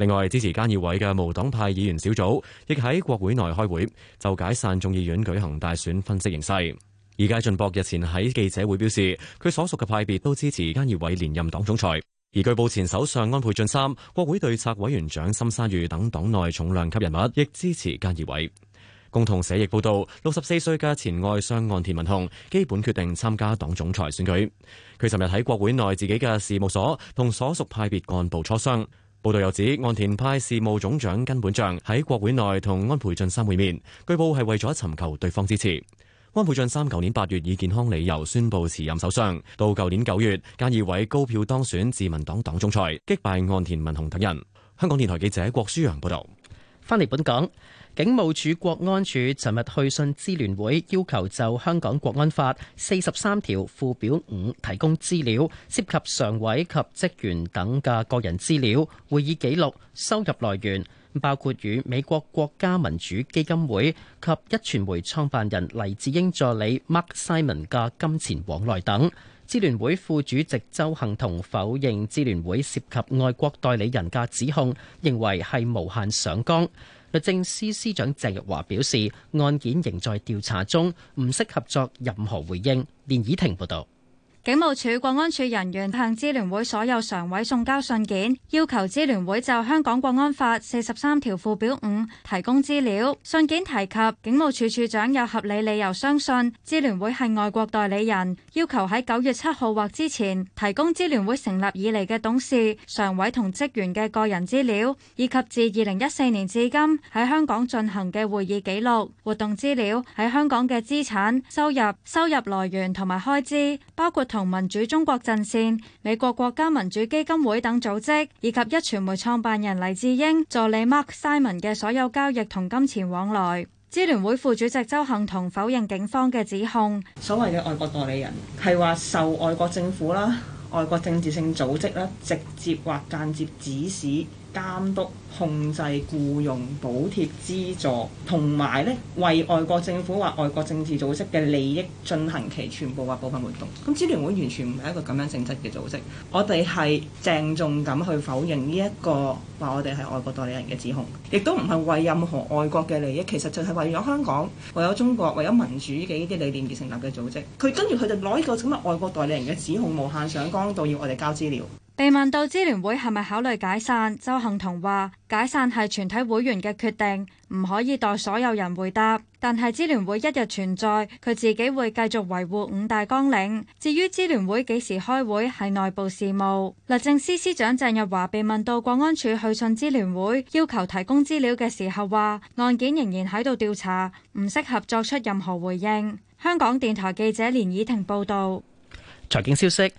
另外，支持菅義偉嘅無黨派議員小組亦喺國會內開會，就解散眾議院舉行大選分析形勢。二階俊博日前喺記者會表示，佢所屬嘅派別都支持菅義偉連任黨總裁。而據報，前首相安倍晉三、國會對策委員長森山裕等黨內重量級人物亦支持菅義偉。共同社亦報道，六十四歲嘅前外相岸田文雄基本決定參加黨總裁選舉。佢尋日喺國會內自己嘅事務所同所屬派別幹部磋商。報道又指，岸田派事務總長根本匠喺國會內同安倍晉三會面，據報係為咗尋求對方支持。安倍晉三舊年八月以健康理由宣布辭任首相，到舊年九月，菅義偉高票當選自民黨黨總裁，擊敗岸田文雄等人。香港電台記者郭舒揚報導。翻嚟本港。警務處國安處尋日去信支聯會，要求就香港國安法四十三條附表五提供資料，涉及常委及職員等嘅個人資料、會議記錄、收入來源，包括與美國國家民主基金會及壹傳媒創辦人黎智英助理 Mark Simon 嘅金錢往來等。支聯會副主席周幸彤否認支聯會涉及外國代理人嘅指控，認為係無限上綱。律政司司長鄭若驊表示，案件仍在調查中，唔適合作任何回應。連綺婷報道。警務處國安處人員向支聯會所有常委送交信件，要求支聯會就《香港國安法》四十三條附表五提供資料。信件提及警務處處長有合理理由相信支聯會係外國代理人，要求喺九月七號或之前提供支聯會成立以嚟嘅董事、常委同職員嘅個人資料，以及自二零一四年至今喺香港進行嘅會議記錄、活動資料、喺香港嘅資產、收入、收入來源同埋開支，包括同民主中國陣線、美國國家民主基金會等組織以及壹傳媒創辦人黎智英助理 Mark Simon 嘅所有交易同金錢往來，支聯會副主席鄒幸彤否認警方嘅指控。所謂嘅外國代理人係話受外國政府啦、外國政治性組織啦直接或間接指使、監督、控制、僱用、補貼、資助，同埋咧為外國政府或外國政治組織嘅利益進行其全部或部分活動。咁支聯會完全唔係一個咁樣性質嘅組織，我哋係鄭重咁去否認呢、這、一個話我哋係外國代理人嘅指控，亦都唔係為任何外國嘅利益，其實就係為咗香港、為咗中國、為咗民主嘅呢啲理念而成立嘅組織。佢跟住佢就攞呢個咁嘅外國代理人嘅指控無限上綱，度要我哋交資料。被問到支聯會係咪考慮解散，鄒幸彤話解散係全體會員嘅決定，唔可以代所有人回答。但係支聯會一日存在，佢自己會繼續維護五大綱領。至於支聯會幾時開會，係內部事務。律政司司長鄭日華被問到國安處去信支聯會要求提供資料嘅時候，話案件仍然喺度調查，唔適合作出任何回應。香港電台記者連以婷報道。財經消息。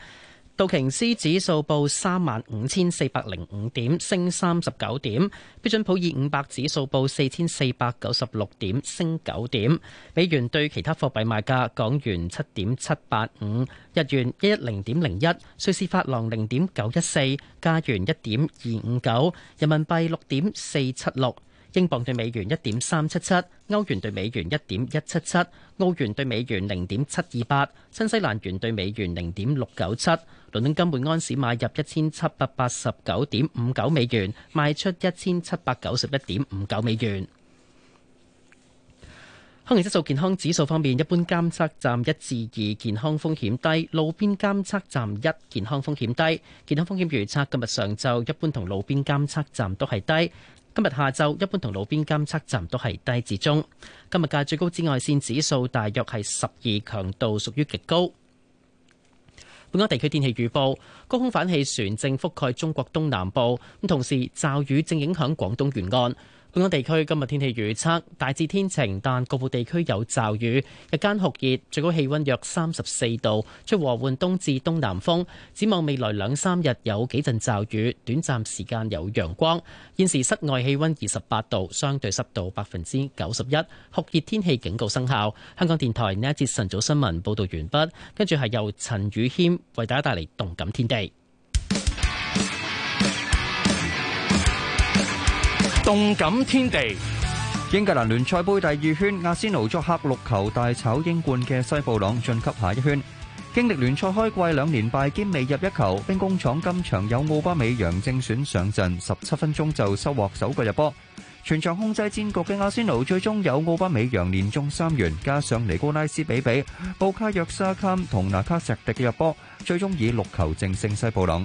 道瓊斯指數報三萬五千四百零五點，升三十九點。標準普爾五百指數報四千四百九十六點，升九點。美元對其他貨幣賣價：港元七點七八五，日元一一零點零一，瑞士法郎零點九一四，加元一點二五九，人民幣六點四七六。英鎊兌美元一點三七七，歐元兌美元一點一七七，澳元兌美元零點七二八，新西蘭元兌美元零點六九七。倫敦金每安士買入一千七百八十九點五九美元，賣出一千七百九十一點五九美元。空氣質素健康指數方面，一般監測站一至二健康風險低，路邊監測站一健康風險低。健康風險預測今日上晝一般同路邊監測站都係低。今日下晝一般同路邊監測站都係低至中。今日嘅最高紫外線指數大約係十二強度，屬於極高。本港地區天氣預報，高空反氣旋正覆蓋中國東南部，咁同時驟雨正影響廣東沿岸。本港地區今日天氣預測大致天晴，但局部地區有驟雨。日間酷熱，最高氣溫約三十四度，吹和緩東至東南風。展望未來兩三日有幾陣驟雨，短暫時間有陽光。現時室外氣溫二十八度，相對濕度百分之九十一，酷熱天氣警告生效。香港電台呢一節晨早新聞報道完畢，跟住係由陳宇謙為大家帶嚟動感天地。動感天地，英格蘭聯賽盃第二圈，阿仙奴作客六球大炒英冠嘅西布朗晉級下一圈。經歷聯賽開季兩連敗兼未入一球，兵工廠今場有奧巴美揚正選上陣，十七分鐘就收穫首個入波。全場控制戰局嘅阿仙奴最終有奧巴美揚連中三元，加上尼古拉斯比比、布卡約薩卡同拿卡石迪嘅入波，最終以六球淨勝西布朗。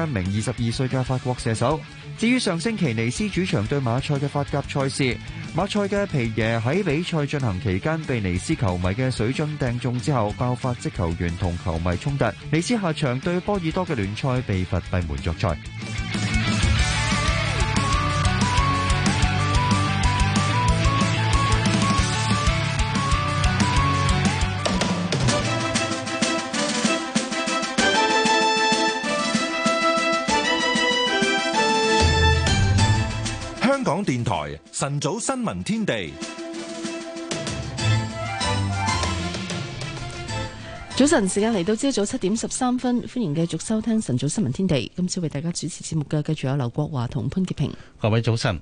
一名二十二歲嘅法國射手。至於上星期尼斯主場對馬賽嘅法甲賽事，馬賽嘅皮耶喺比賽進行期間被尼斯球迷嘅水樽掟中之後爆發職球員同球迷衝突，尼斯下場對波爾多嘅聯賽被罰閉門作賽。電台晨早新聞天地，早晨時間嚟到朝早七點十三分，歡迎繼續收聽晨早新聞天地。今次為大家主持節目嘅，繼續有劉國華同潘潔平。各位早晨，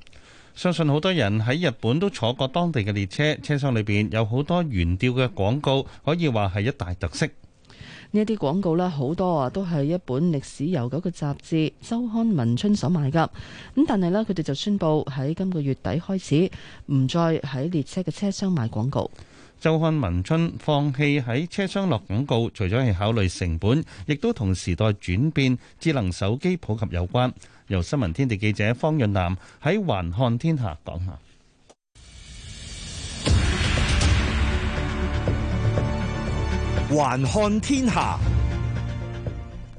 相信好多人喺日本都坐過當地嘅列車，車廂裏邊有好多懸吊嘅廣告，可以話係一大特色。呢啲廣告咧好多啊，都係一本歷史悠久嘅雜誌《周刊文春》所賣㗎。咁但係咧，佢哋就宣佈喺今個月底開始唔再喺列車嘅車廂賣廣告。《周刊文春》放棄喺車廂落廣告，除咗係考慮成本，亦都同時代轉變、智能手機普及有關。由新聞天地記者方潤南喺環看天下講下。 環看天下，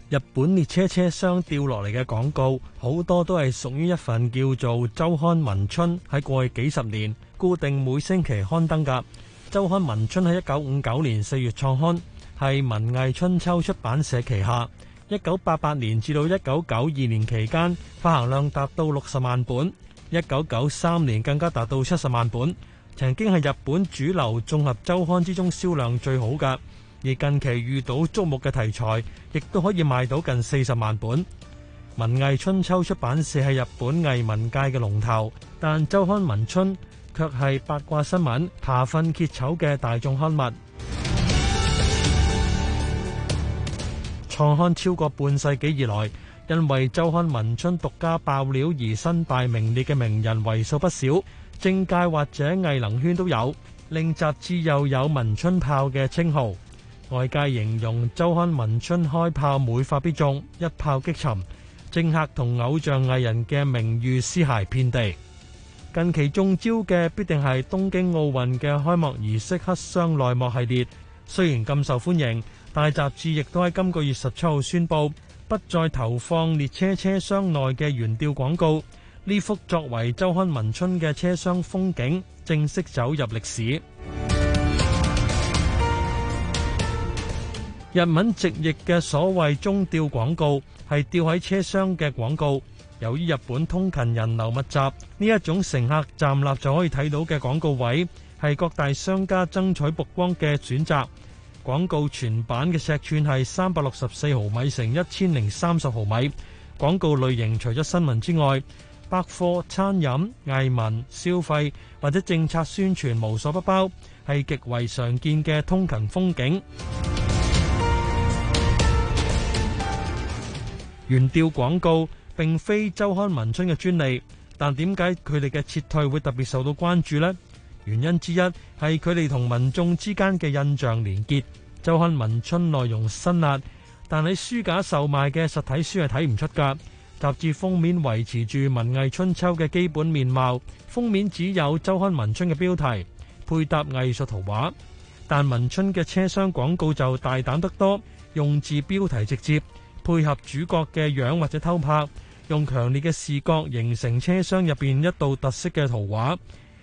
日本列車車廂掉落嚟嘅廣告，好多都係屬於一份叫做《周刊文春》，喺過去幾十年固定每星期刊登噶。《周刊文春》喺一九五九年四月創刊，係文藝春秋出版社旗下。一九八八年至到一九九二年期間，發行量達到六十萬本，一九九三年更加達到七十萬本，曾經係日本主流綜合周刊之中銷量最好嘅。而近期遇到矚目嘅題材，亦都可以賣到近四十萬本。文藝春秋出版社係日本藝文界嘅龍頭，但周刊文春卻係八卦新聞扒分揭醜嘅大眾刊物。 創刊超過半世紀以來，因為周刊文春獨家爆料而身敗名裂嘅名人為數不少，政界或者藝能圈都有，令雜誌又有文春炮嘅稱號。外界形容《周刊文春》開炮每發必中，一炮擊沉政客同偶像藝人嘅名譽屍骸遍地。近期中招嘅必定係東京奧運嘅開幕儀式黑箱內幕系列。雖然咁受歡迎，但係雜誌亦都喺今個月十七號宣布不再投放列車車廂內嘅原調廣告。呢幅作為《周刊文春》嘅車廂風景正式走入歷史。日文直譯嘅所謂中吊廣告係吊喺車廂嘅廣告。由於日本通勤人流密集，呢一種乘客站立就可以睇到嘅廣告位係各大商家爭取曝光嘅選擇。廣告全版嘅尺寸係三百六十四毫米乘一千零三十毫米。廣告類型除咗新聞之外，百貨、餐飲、藝文、消費或者政策宣傳無所不包，係極為常見嘅通勤風景。原調廣告並非周刊文春嘅專利，但點解佢哋嘅撤退會特別受到關注呢？原因之一係佢哋同民眾之間嘅印象連結。周刊文春內容辛辣，但喺書架售賣嘅實體書係睇唔出㗎。雜誌封面維持住文藝春秋嘅基本面貌，封面只有周刊文春嘅標題，配搭藝術圖畫。但文春嘅車廂廣告就大膽得多，用字標題直接。配合主角嘅樣或者偷拍，用強烈嘅視覺形成車廂入邊一道特色嘅圖畫。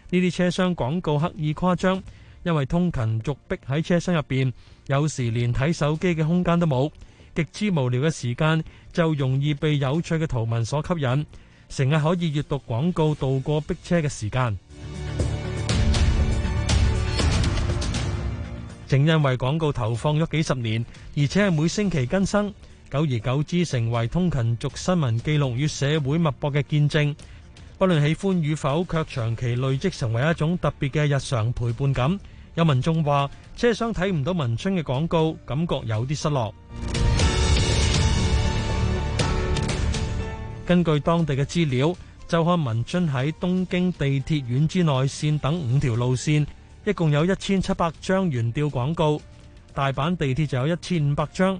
呢啲車廂廣告刻意誇張，因為通勤續逼喺車廂入邊，有時連睇手機嘅空間都冇，極之無聊嘅時間就容易被有趣嘅圖文所吸引，成日可以閱讀廣告度過逼車嘅時間。 正因為廣告投放咗幾十年，而且係每星期更新。久而久之，成為通勤族新聞記錄與社會脈搏嘅見證。不論喜歡與否，卻長期累積成為一種特別嘅日常陪伴感。有民眾話：車廂睇唔到文春嘅廣告，感覺有啲失落。 根據當地嘅資料，週刊文春喺東京地鐵丸之內線等五條路線，一共有一千七百張原吊廣告；大阪地鐵就有一千五百張。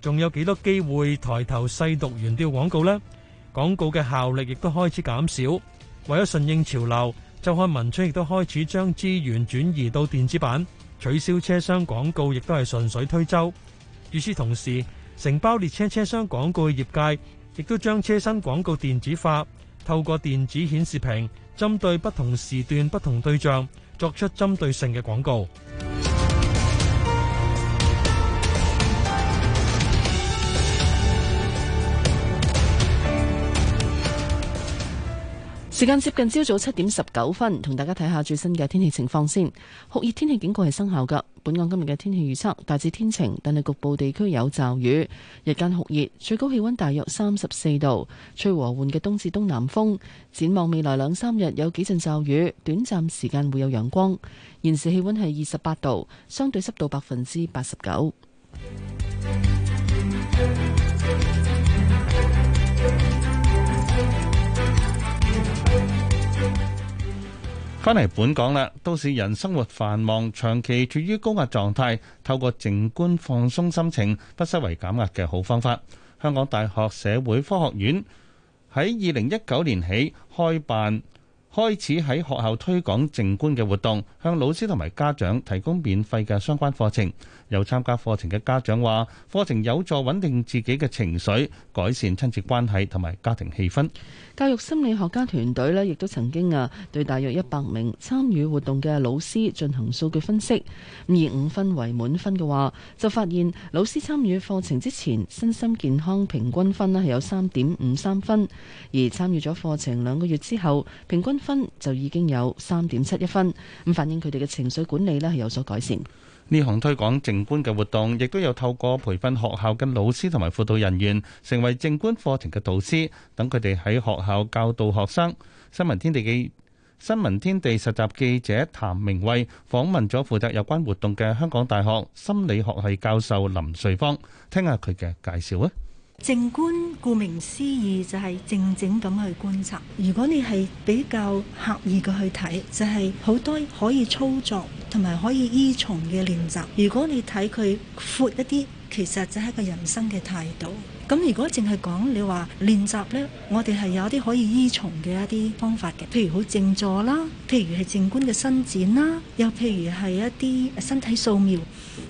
仲有幾多機會抬頭細讀原標廣告呢？廣告嘅效力亦都開始減少。為咗順應潮流，周開文春亦都開始將資源轉移到電子版，取消車廂廣告亦都係順水推舟。與此同時，承包列車車廂廣告嘅業界亦都將車身廣告電子化，透過電子顯示屏，針對不同時段、不同對象作出針對性嘅廣告。時間接近朝早七點十九分，同大家睇下最新嘅天氣情況先。酷熱天氣警告係生效㗎。本港今日嘅天氣預測大致天晴，但係局部地區有驟雨，日間酷熱，最高氣溫大約三十四度。吹和緩嘅東至東南風。展望未來兩三日有幾陣驟雨，短暫時間會有陽光。現時氣溫係二十八度，相對濕度百分之八十九。返嚟本港啦，都市人生活繁忙，長期處於高壓狀態，透過靜觀放鬆心情，不失為減壓嘅好方法。香港大學社會科學院喺二零一九年起開辦，開始喺學校推廣靜觀嘅活動，向老師同埋家長提供免費嘅相關課程。有參加課程嘅家長話：課程有助穩定自己嘅情緒，改善親戚關係同埋家庭氣氛。教育心理學家團隊呢亦都曾經啊對大約一百名參與活動嘅老師進行數據分析。以五分為滿分嘅話，就發現老師參與課程之前，身心健康平均分呢係有三點五三分，而參與咗課程兩個月之後，平均分就已經有三點七一分，咁反映佢哋嘅情緒管理呢係有所改善。呢項推廣靜觀嘅活動，亦都有透過培訓學校嘅老師同埋輔導人員，成為靜觀課程嘅導師，等佢哋喺學校教導學生。新聞天地記新聞天地實習記者譚明慧訪問咗負責有關活動嘅香港大學心理學系教授林瑞芳，聽下佢嘅介紹啊！靜觀，顧名思義就係靜靜咁去觀察。如果你係比較刻意嘅去睇，就係好多可以操作同埋可以依從嘅練習。如果你睇佢闊一啲，其實就係一個人生嘅態度。咁如果淨係講你話練習呢，我哋係有啲可以依從嘅一啲方法嘅，譬如好靜坐啦，譬如係靜觀嘅伸展啦，又譬如係一啲身體素描。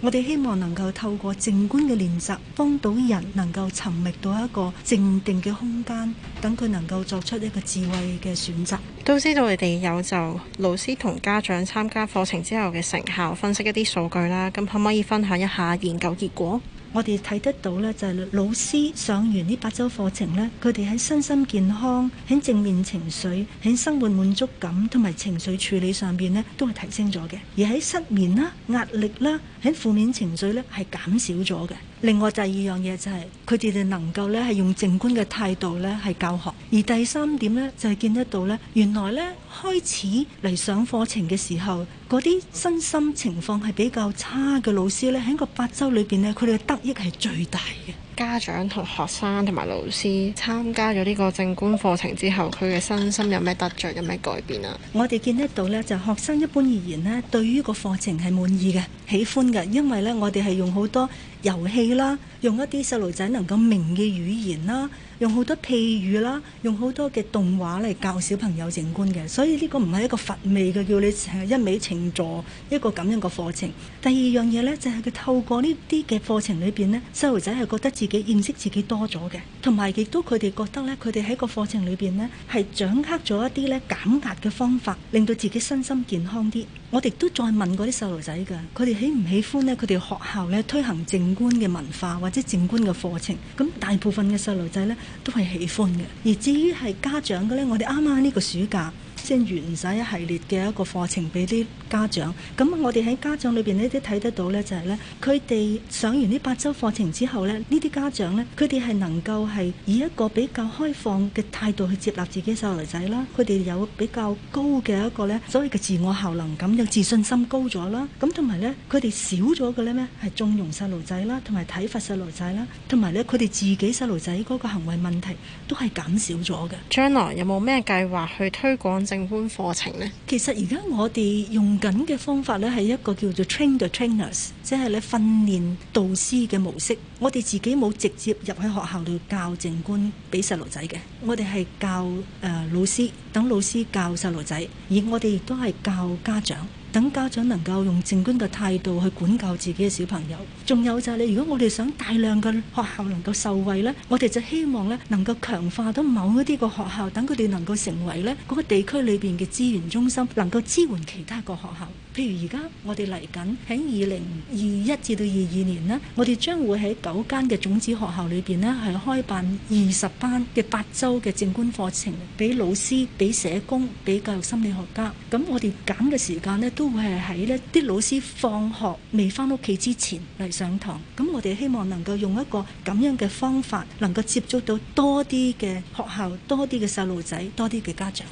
我哋希望能夠透過靜觀嘅練習，幫到人能夠尋覓到一個靜定嘅空間，等佢能夠作出一個智慧嘅選擇。都知道你哋有就老師同家長參加課程之後嘅成效分析一啲數據啦，咁可唔可以分享一下研究結果？我哋睇得到呢，就係老師上完呢八周課程呢，佢哋喺身心健康、喺正面情緒、喺生活滿足感同埋情緒處理上面呢，都係提升咗嘅。而喺失眠啦、壓力啦，喺負面情緒呢係減少咗嘅。另外第二樣嘢就係佢哋能夠用靜觀嘅態度呢，教學。而第三點呢就係、是、見得到呢，原來呢開始嚟上課程嘅時候，嗰啲身心情況係比較差嘅老師呢喺個八週裏面呢，佢哋嘅得益係最大嘅。家長同學生同埋老師參加咗呢個正觀課程之後，佢嘅身心有咩得着、有咩改變啊？我哋見得到呢，就學生一般而言呢，對於個課程係滿意嘅、喜歡嘅，因為呢，我哋係用好多。遊戲啦，用一啲細路仔能夠明嘅語言啦，用好多譬喻啦，用好多嘅動畫嚟教小朋友靜觀嘅，所以呢個唔係一個乏味嘅叫你一味靜坐一個咁樣嘅課程。第二樣嘢呢，就係、是、佢透過呢啲嘅課程裏邊呢，細路仔係覺得自己認識自己多咗嘅，同埋亦都佢哋覺得呢，佢哋喺個課程裏邊呢，係掌握咗一啲呢減壓嘅方法，令到自己身心健康啲。我哋都再問過啲細路仔㗎，佢哋喜唔喜歡呢？佢哋學校呢推行正正觀嘅文化或者正觀嘅課程，咁大部分嘅細路仔咧都係喜歡嘅。而至於係家長嘅咧，我哋啱啱呢個暑假。先完曬一系列嘅一個課程俾啲家長，咁我哋喺家長裏邊呢啲睇得到呢、就係，就係呢。佢哋上完呢八週課程之後呢，呢啲家長呢，佢哋係能夠係以一個比較開放嘅態度去接納自己細路仔啦，佢哋有比較高嘅一個呢所謂嘅自我效能感，有自信心高咗啦，咁同埋呢，佢哋少咗嘅呢，咩？係縱容細路仔啦，同埋體罰細路仔啦，同埋呢，佢哋自己細路仔嗰個行為問題都係減少咗嘅。將來有冇咩計劃去推廣正靜觀課程呢？其實而家我哋用緊嘅方法咧，係一個叫做 train the trainers，即係咧訓練導師嘅模式。我哋自己冇直接入喺學校度教正靜觀俾細路仔嘅，我哋係教誒老師，等老師教細路仔，而我哋亦都係教家長。等家長能夠用正觀嘅態度去管教自己嘅小朋友，仲有就係，如果我哋想大量嘅學校能夠受惠呢，我哋就希望呢能夠強化到某一啲嘅學校，等佢哋能夠成為呢嗰個地區裏邊嘅資源中心，能夠支援其他個學校。譬如而家我哋嚟緊喺二零二一至到二二年呢，我哋將會喺九間嘅種子學校裏邊呢，係開辦二十班嘅八週嘅正觀課程，俾老師、俾社工、俾教育心理學家。咁我哋揀嘅時間呢都。會係喺呢啲老師放學未翻屋企之前嚟上堂，咁我哋希望能夠用一個咁樣嘅方法，能夠接觸到多啲嘅學校、多啲嘅細路仔、多啲嘅家長。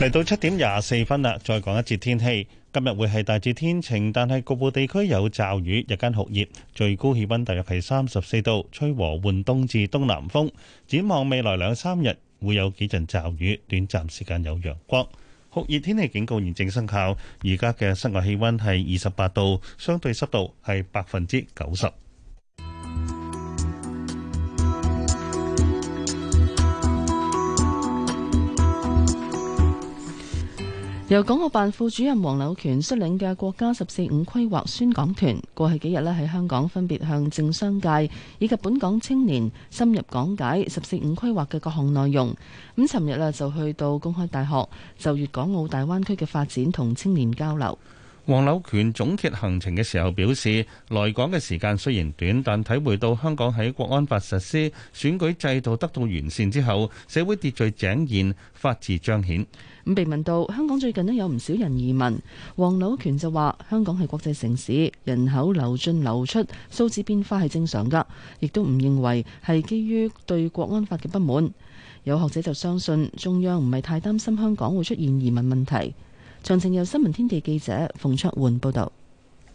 嚟到七點廿四分啦，再講一節天氣。今日會係大致天晴，但係局部地區有驟雨，日間酷熱，最高氣溫大約係三十四度，吹和緩東至東南風。展望未來兩三日會有幾陣驟雨，短暫時間有陽光。酷熱天氣警告現正生效，而家嘅室外氣溫係二十八度，相對濕度係百分之九十。由港澳辦副主任黃柳權率領嘅國家十四五規劃宣講團，過去幾日咧喺香港分別向政商界以及本港青年深入講解十四五規劃嘅各項內容。咁尋日啊就去到公開大學，就粵港澳大灣區嘅發展同青年交流。黃柳權總結行程嘅時候表示，來港嘅時間雖然短，但體會到香港喺國安法實施、選舉制度得到完善之後，社會秩序井然，法治彰顯。咁被問到香港最近呢有唔少人移民，黃柳權就話香港係國際城市，人口流進流出數字變化係正常㗎，亦都唔認為係基於對國安法嘅不滿。有學者就相信中央唔係太擔心香港會出現移民問題。詳情由新聞天地記者馮卓煥報導。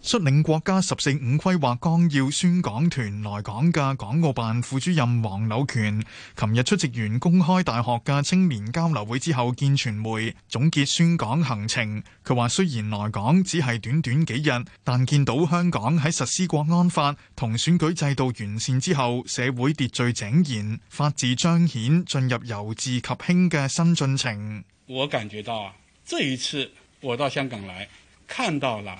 率領國家十四五規劃綱要宣講團來港嘅港澳辦副主任黃柳權，琴日出席完公開大學嘅青年交流會之後見傳媒總結宣講行程。佢話：雖然來港只係短短幾日，但見到香港喺實施國安法同選舉制度完善之後，社會秩序井然，法治彰顯，進入由治及興嘅新進程。我感覺到啊，這一次我到香港來看到了。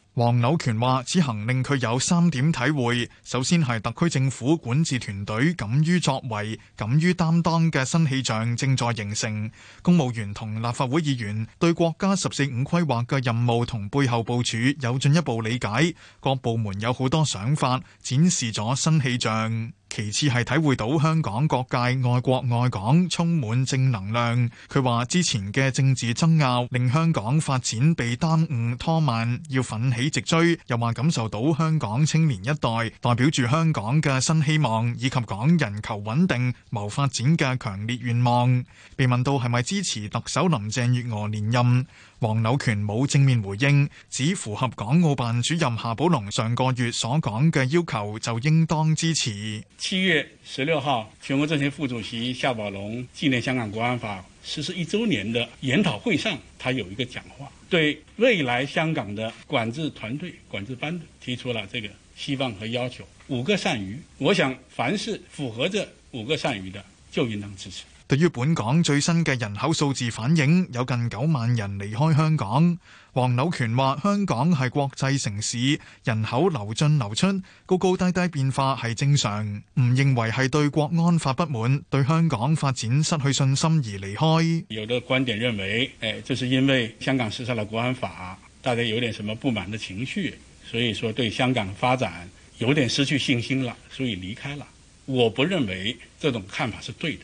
黃柳權話：此行令佢有三點體會，首先係特區政府管治團隊敢於作為、敢於擔當嘅新氣象正在形成；公務員同立法會議員對國家十四五規劃嘅任務同背後部署有進一步理解，各部門有好多想法，展示咗新氣象。其次係體會到香港各界愛國愛港，充滿正能量。佢話之前嘅政治爭拗令香港發展被耽誤拖慢，要奮起直追。又話感受到香港青年一代代，代表住香港嘅新希望，以及港人求穩定、謀發展嘅強烈願望。被問到係咪支持特首林鄭月娥連任？黃柳權冇正面回應，只符合港澳辦主任夏寶龍上個月所講嘅要求就應當支持。七月十六號，全國政協副主席夏寶龍紀念香港國安法實施一周年的研討會上，他有一個講話，對未來香港的管治團隊、管治班子提出了這個希望和要求。五個善於，我想凡是符合這五個善於的，就應當支持。對於本港最新嘅人口數字反映，有近九萬人離開香港。黃柳權話：香港係國際城市，人口流進流出，高高低低變化係正常。唔認為係對國安法不滿，對香港發展失去信心而離開。有的觀點認為，誒、哎，這、就是因為香港事實施了國安法，大家有點什麼不滿的情緒，所以說對香港發展有點失去信心了，所以離開了。我不認為這種看法是對的。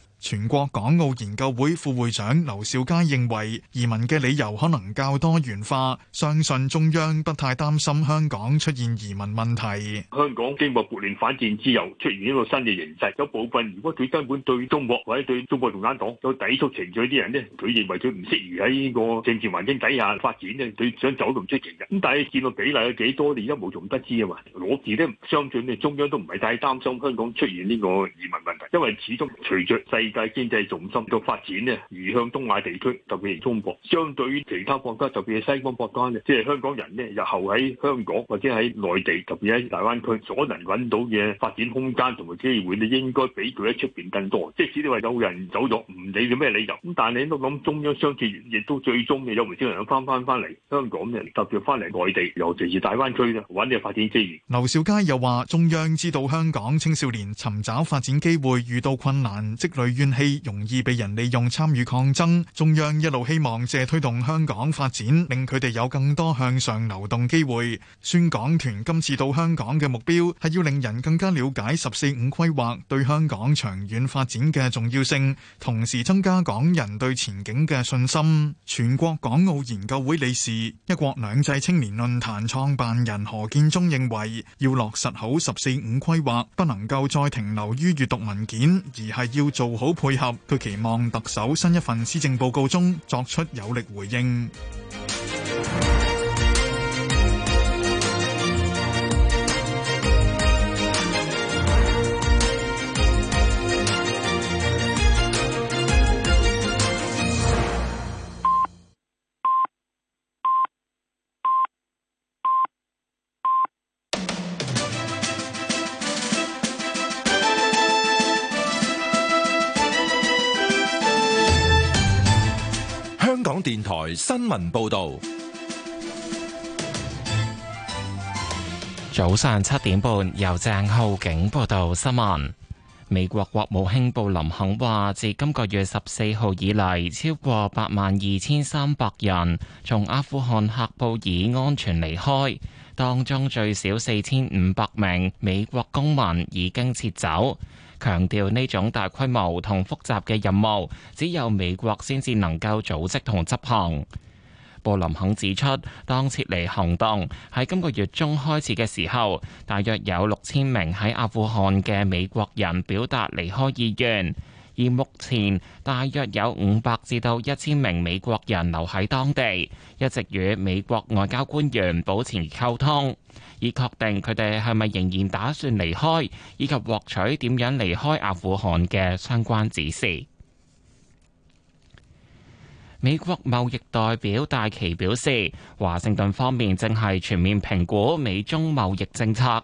全國港澳研究會副會長劉兆佳認為，移民嘅理由可能較多元化，相信中央不太擔心香港出現移民問題。香港經過撥亂反正之後，出現一個新嘅形勢，有部分如果佢根本對中國或者對中國共產黨有抵觸情緒啲人呢，佢認為佢唔適宜喺呢個政治環境底下發展呢，佢想走都出得人，咁但係佔嘅比例有幾多，你而家無從得知啊嘛。我哋咧相信你中央都唔係太擔心香港出現呢個移民問題，因為始終隨着世。世界經濟重心嘅發展呢，移向東亞地區，特別係中國。相對於其他國家，特別係西方國家咧，即係香港人呢，日後喺香港或者喺內地，特別喺大灣區，所能揾到嘅發展空間同埋機會呢，應該比佢喺出邊更多。即使你話有人走咗，唔理做咩理由，咁但係你都諗中央相處，亦都最終有無少人翻翻翻嚟香港，呢特別翻嚟內地，尤其是大灣區呢，揾嘢發展資源。劉兆佳又話：中央知道香港青少年尋找發展機會遇到困難，積累於怨氣容易被人利用，參與抗爭，中央一路希望借推動香港發展，令佢哋有更多向上流動機會。宣講團今次到香港嘅目標係要令人更加了解十四五規劃對香港長遠發展嘅重要性，同時增加港人對前景嘅信心。全國港澳研究會理事、一國兩制青年論壇創辦人何建中認為，要落實好十四五規劃，不能夠再停留於閱讀文件，而係要做好。配合，佢期望特首新一份施政報告中作出有力回應。電台新聞報道，早上七點半由鄭浩景報道新聞。美國國務卿布林肯話，自今個月十四號以嚟，超過八萬二千三百人從阿富汗喀布爾安全離開，當中最少四千五百名美國公民已經撤走。強調呢種大規模同複雜嘅任務，只有美國先至能夠組織同執行。布林肯指出，當撤離行動喺今個月中開始嘅時候，大約有六千名喺阿富汗嘅美國人表達離開意願。而目前大約有五百至到一千名美國人留喺當地，一直與美國外交官員保持溝通，以確定佢哋係咪仍然打算離開，以及獲取點樣離開阿富汗嘅相關指示。美國貿易代表戴琪表示，華盛頓方面正係全面評估美中貿易政策。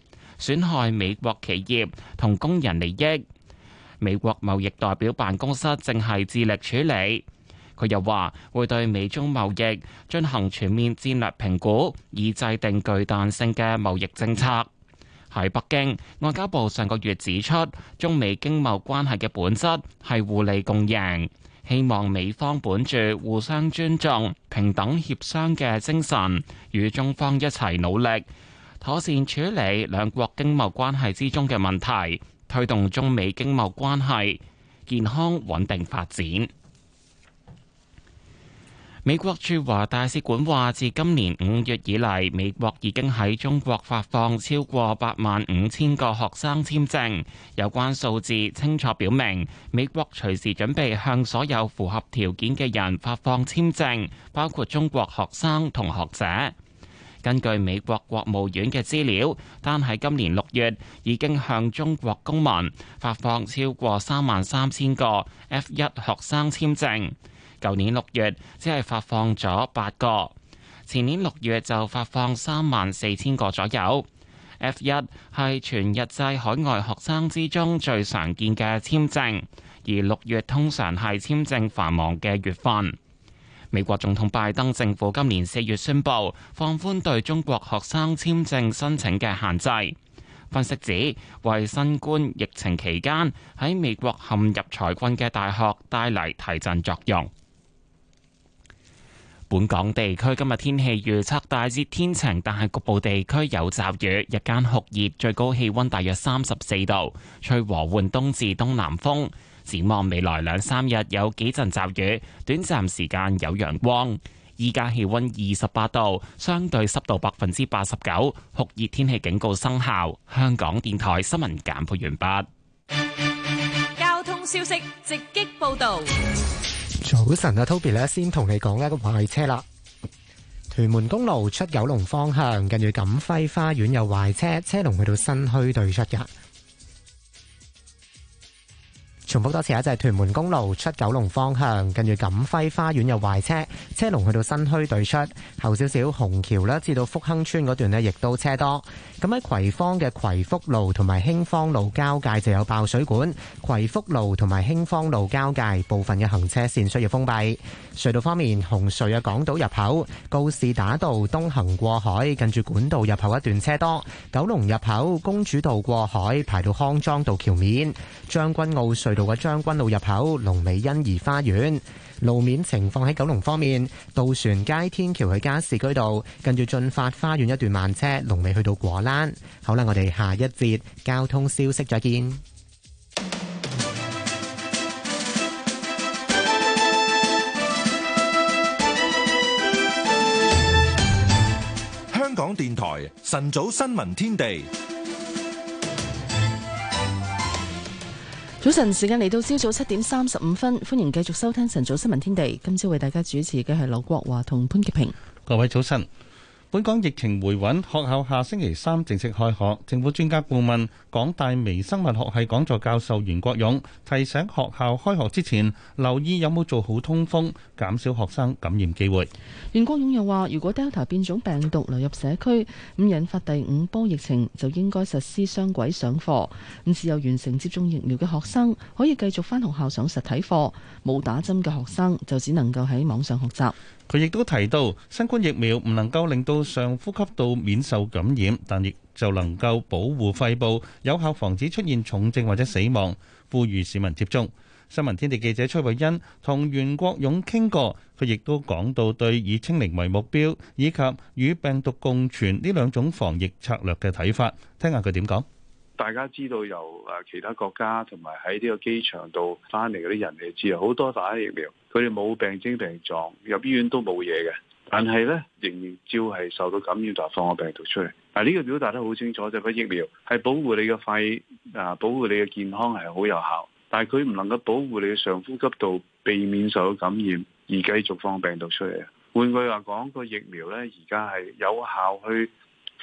損害美國企業同工人利益。美國貿易代表辦公室正係致力處理。佢又話會對美中貿易進行全面戰略評估，以制定具彈性嘅貿易政策。喺北京，外交部上個月指出，中美經貿關係嘅本質係互利共贏，希望美方本住互相尊重、平等協商嘅精神，與中方一齊努力。妥善處理兩國經貿關係之中嘅問題，推動中美經貿關係健康穩定發展。美國駐華大使館話：自今年五月以嚟，美國已經喺中國發放超過八萬五千個學生簽證。有關數字清楚表明，美國隨時準備向所有符合條件嘅人發放簽證，包括中國學生同學者。根據美國國務院嘅資料，單喺今年六月已經向中國公民發放超過三萬三千個 F 一學生簽證。舊年六月只係發放咗八個，前年六月就發放三萬四千個左右。F 一係全日制海外學生之中最常見嘅簽證，而六月通常係簽證繁忙嘅月份。美國總統拜登政府今年四月宣布放寬對中國學生簽證申請嘅限制，分析指為新冠疫情期間喺美國陷入財困嘅大學帶嚟提振作用。本港地區今日天氣預測大致天晴，但係局部地區有驟雨，日間酷熱，最高氣溫大約三十四度，吹和緩東至東南風。展望未來兩三日有幾陣驟雨，短暫時間有陽光。而家氣溫二十八度，相對濕度百分之八十九，酷熱天氣警告生效。香港電台新聞簡報完畢。交通消息直擊報道。早晨啊，Toby 咧先同你講一個壞車啦。屯門公路出九龍方向，近住錦輝花園有壞車，車龍去到新墟對出㗎。重複多次啊，就係、是、屯門公路出九龍方向，跟住錦輝花園又壞車，車龍去到新墟對出，後少少紅橋咧至到福亨村嗰段咧，亦都車多。咁喺葵芳嘅葵福路同埋興芳路交界就有爆水管，葵福路同埋興芳路交界部分嘅行車線需要封閉。隧道方面，紅隧嘅港島入口、告士打道東行過海近住管道入口一段車多；九龍入口公主道過海排到康莊道橋面；將軍澳隧道嘅將軍澳入口、龍尾欣怡花園。路面情況喺九龍方面，渡船街天橋去加士居道，跟住駿發花園一段慢車，龍尾去到果欄。好啦，我哋下一節交通消息再見。香港電台晨早新聞天地。早晨，時間嚟到朝早七點三十五分，歡迎繼續收聽晨早新聞天地。今朝為大家主持嘅係劉國華同潘潔平。各位早晨。本港疫情回穩，學校下星期三正式開學。政府專家顧問、港大微生物學系講座教授袁國勇提醒，學校開學之前，留意有冇做好通風，減少學生感染機會。袁國勇又話，如果 Delta 變種病毒流入社區，咁引發第五波疫情，就應該實施雙軌上課。咁只有完成接種疫苗嘅學生可以繼續返學校上實體課，冇打針嘅學生就只能夠喺網上學習。佢亦都提到，新冠疫苗唔能夠令到上呼吸道免受感染，但亦就能夠保護肺部，有效防止出現重症或者死亡，呼籲市民接種。新聞天地記者崔慧欣同袁國勇傾過，佢亦都講到對以清零為目標以及與病毒共存呢兩種防疫策略嘅睇法，聽下佢點講。大家知道由啊其他國家同埋喺呢個機場度翻嚟嗰啲人嚟知啊，好多打疫苗，佢哋冇病徵病狀，入醫院都冇嘢嘅。但係呢，仍然照係受到感染就是、放個病毒出嚟。嗱、啊、呢、呢個表達得好清楚，就係、個、疫苗係保護你嘅肺啊，保護你嘅健康係好有效。但係佢唔能夠保護你嘅上呼吸道，避免受到感染而繼續放病毒出嚟。換句話講，個疫苗呢而家係有效去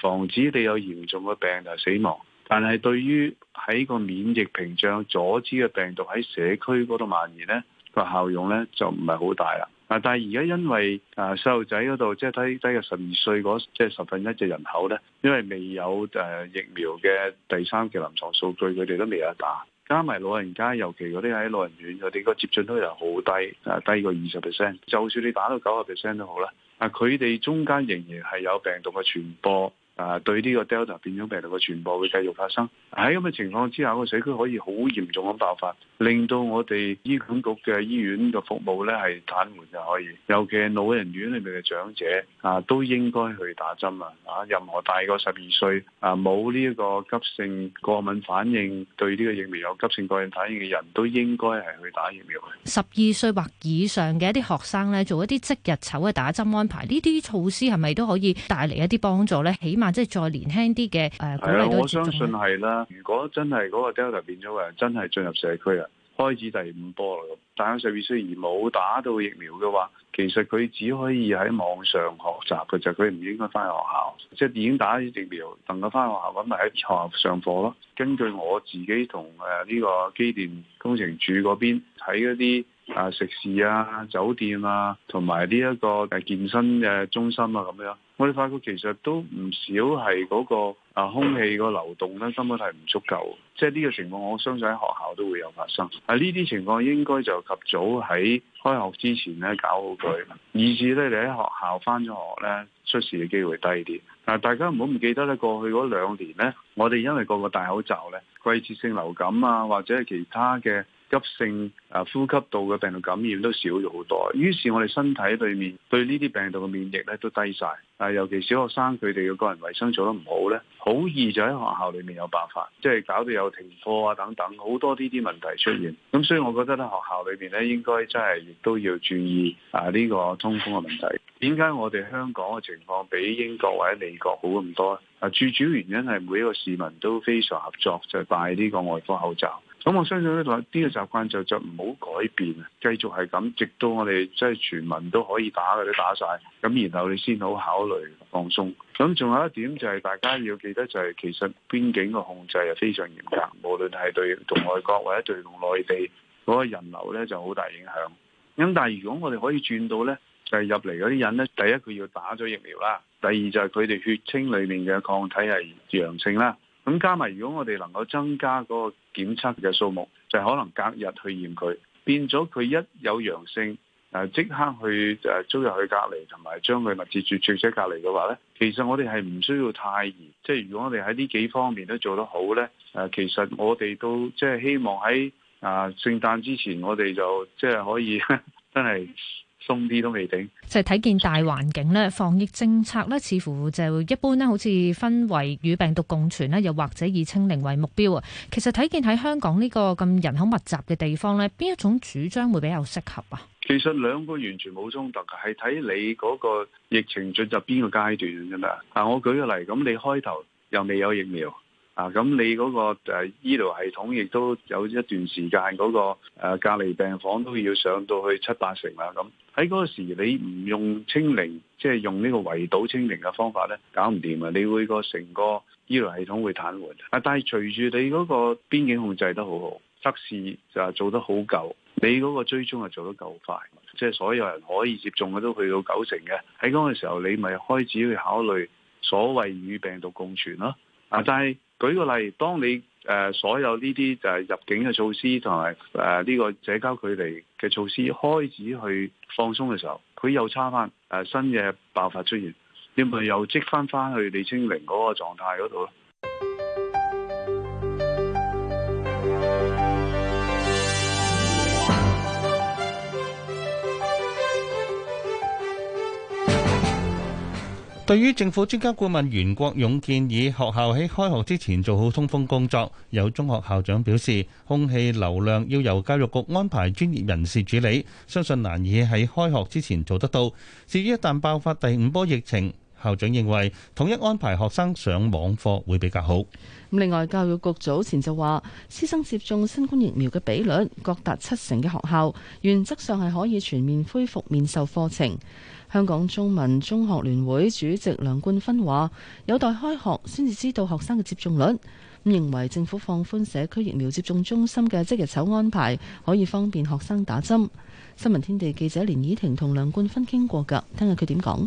防止你有嚴重嘅病、就係、死亡。但係對於喺個免疫屏障阻止嘅病毒喺社區嗰度蔓延咧，個效用咧就唔係好大啦。嗱，但係而家因為啊，細路仔嗰度即係低低嘅十二歲嗰即係十分一只人口咧，因為未有誒、呃、疫苗嘅第三期臨床數據，佢哋都未有打。加埋老人家，尤其嗰啲喺老人院，佢哋個接種率又好低，啊低過二十 percent，就算你打到九十 percent 都好啦。啊，佢哋中間仍然係有病毒嘅傳播。啊！對呢個 Delta 變種病毒嘅傳播會繼續發生，喺咁嘅情況之下，個社區可以好嚴重咁爆發，令到我哋醫管局嘅醫院嘅服務咧係癱瘓就可以。尤其係老人院裏面嘅長者啊，都應該去打針啊！啊，任何大過十二歲啊，冇呢一個急性過敏反應，對呢個疫苗有急性過敏反應嘅人都應該係去打疫苗。十二歲或以上嘅一啲學生咧，做一啲即日籌嘅打針安排，呢啲措施係咪都可以帶嚟一啲幫助咧？起碼啊、即係再年輕啲嘅，誒、呃，的我相信係啦。如果真係嗰個 Delta 變咗話，真係進入社區啊，開始第五波啦。但係，上面雖然冇打到疫苗嘅話，其實佢只可以喺網上學習嘅就佢唔應該翻學校，即、就、係、是、已經打疫苗，等佢翻學校揾埋喺學校上課咯。根據我自己同誒呢個機電工程處嗰邊喺一啲誒食肆啊、酒店啊，同埋呢一個誒健身嘅中心啊咁樣。我哋發覺其實都唔少係嗰個啊空氣個流動咧，根本係唔足夠，即係呢個情況，我相信喺學校都會有發生。喺呢啲情況應該就及早喺開學之前咧搞好佢，以至咧你喺學校返咗學咧出事嘅機會低啲。嗱、啊，大家唔好唔記得咧，過去嗰兩年咧，我哋因為個個戴口罩咧，季節性流感啊，或者係其他嘅，急性啊，呼吸道嘅病毒感染都少咗好多，於是我哋身體裏面對呢啲病毒嘅免疫咧都低晒。啊，尤其小學生佢哋嘅個人衛生做得唔好咧，好易就喺學校裏面有爆發，即係搞到有停課啊等等，好多呢啲問題出現。咁所以我覺得咧，學校裏邊咧應該真係亦都要注意啊呢個通風嘅問題。點解我哋香港嘅情況比英國或者美國好咁多咧？啊，最主要原因係每一個市民都非常合作，就係戴呢個外科口罩。咁我相信咧，話呢個習慣就就唔好改變啊，繼續係咁，直到我哋即係全民都可以打嘅都打晒，咁然後你先好考慮放鬆。咁仲有一點就係大家要記得就係，其實邊境嘅控制係非常嚴格，無論係對同外國或者對同內地嗰個人流咧就好大影響。咁但係如果我哋可以轉到咧，就係入嚟嗰啲人咧，第一佢要打咗疫苗啦，第二就係佢哋血清裏面嘅抗體係陽性啦。咁加埋，如果我哋能夠增加嗰個檢測嘅數目，就係、可能隔日去驗佢，變咗佢一有陽性，誒、呃、即刻去誒、呃、租入去隔離，同埋將佢密切接觸者隔離嘅話咧，其實我哋係唔需要太嚴。即係如果我哋喺呢幾方面都做得好咧，誒、呃、其實我哋都即係希望喺啊聖誕之前我，我哋就即係可以真係。鬆啲都未定，就係睇見大環境咧，防疫政策咧，似乎就一般咧，好似分為與病毒共存咧，又或者以清零為目標啊。其實睇見喺香港呢個咁人口密集嘅地方咧，邊一種主張會比較適合啊？其實兩個完全冇衝突噶，係睇你嗰個疫情進入邊個階段啫嘛。啊，我舉個例，咁你開頭又未有疫苗。啊，咁你嗰個誒醫療系統亦都有一段時間嗰個誒隔離病房都要上到去七八成啦。咁喺嗰個時，你唔用清零，即係用呢個圍堵清零嘅方法咧，搞唔掂啊！你會個成個醫療系統會癱瘓。啊，但係隨住你嗰個邊境控制得好好，測試就做得好夠，你嗰個追蹤係做得夠快，即係所有人可以接種嘅都去到九成嘅。喺嗰個時候，你咪開始去考慮所謂與病毒共存咯。啊，但係。舉個例，當你誒所有呢啲就係入境嘅措施同埋誒呢個社交距離嘅措施開始去放鬆嘅時候，佢又差翻誒新嘅爆發出現，你咪又積翻翻去李清零嗰個狀態嗰度咯。對於政府專家顧問袁國勇建議學校喺開學之前做好通風工作，有中學校長表示空氣流量要由教育局安排專業人士處理，相信難以喺開學之前做得到。至於一旦爆發第五波疫情，校長認為統一安排學生上網課會比較好。另外，教育局早前就話，師生接種新冠疫苗嘅比率各達七成嘅學校，原則上係可以全面恢復面授課程。香港中文中學聯會主席梁冠芬話，有待開學先至知道學生嘅接種率，咁認為政府放寬社區疫苗接種中心嘅即日籌安排，可以方便學生打針。新聞天地記者連綺婷同梁冠芬傾過噶，聽下佢點講。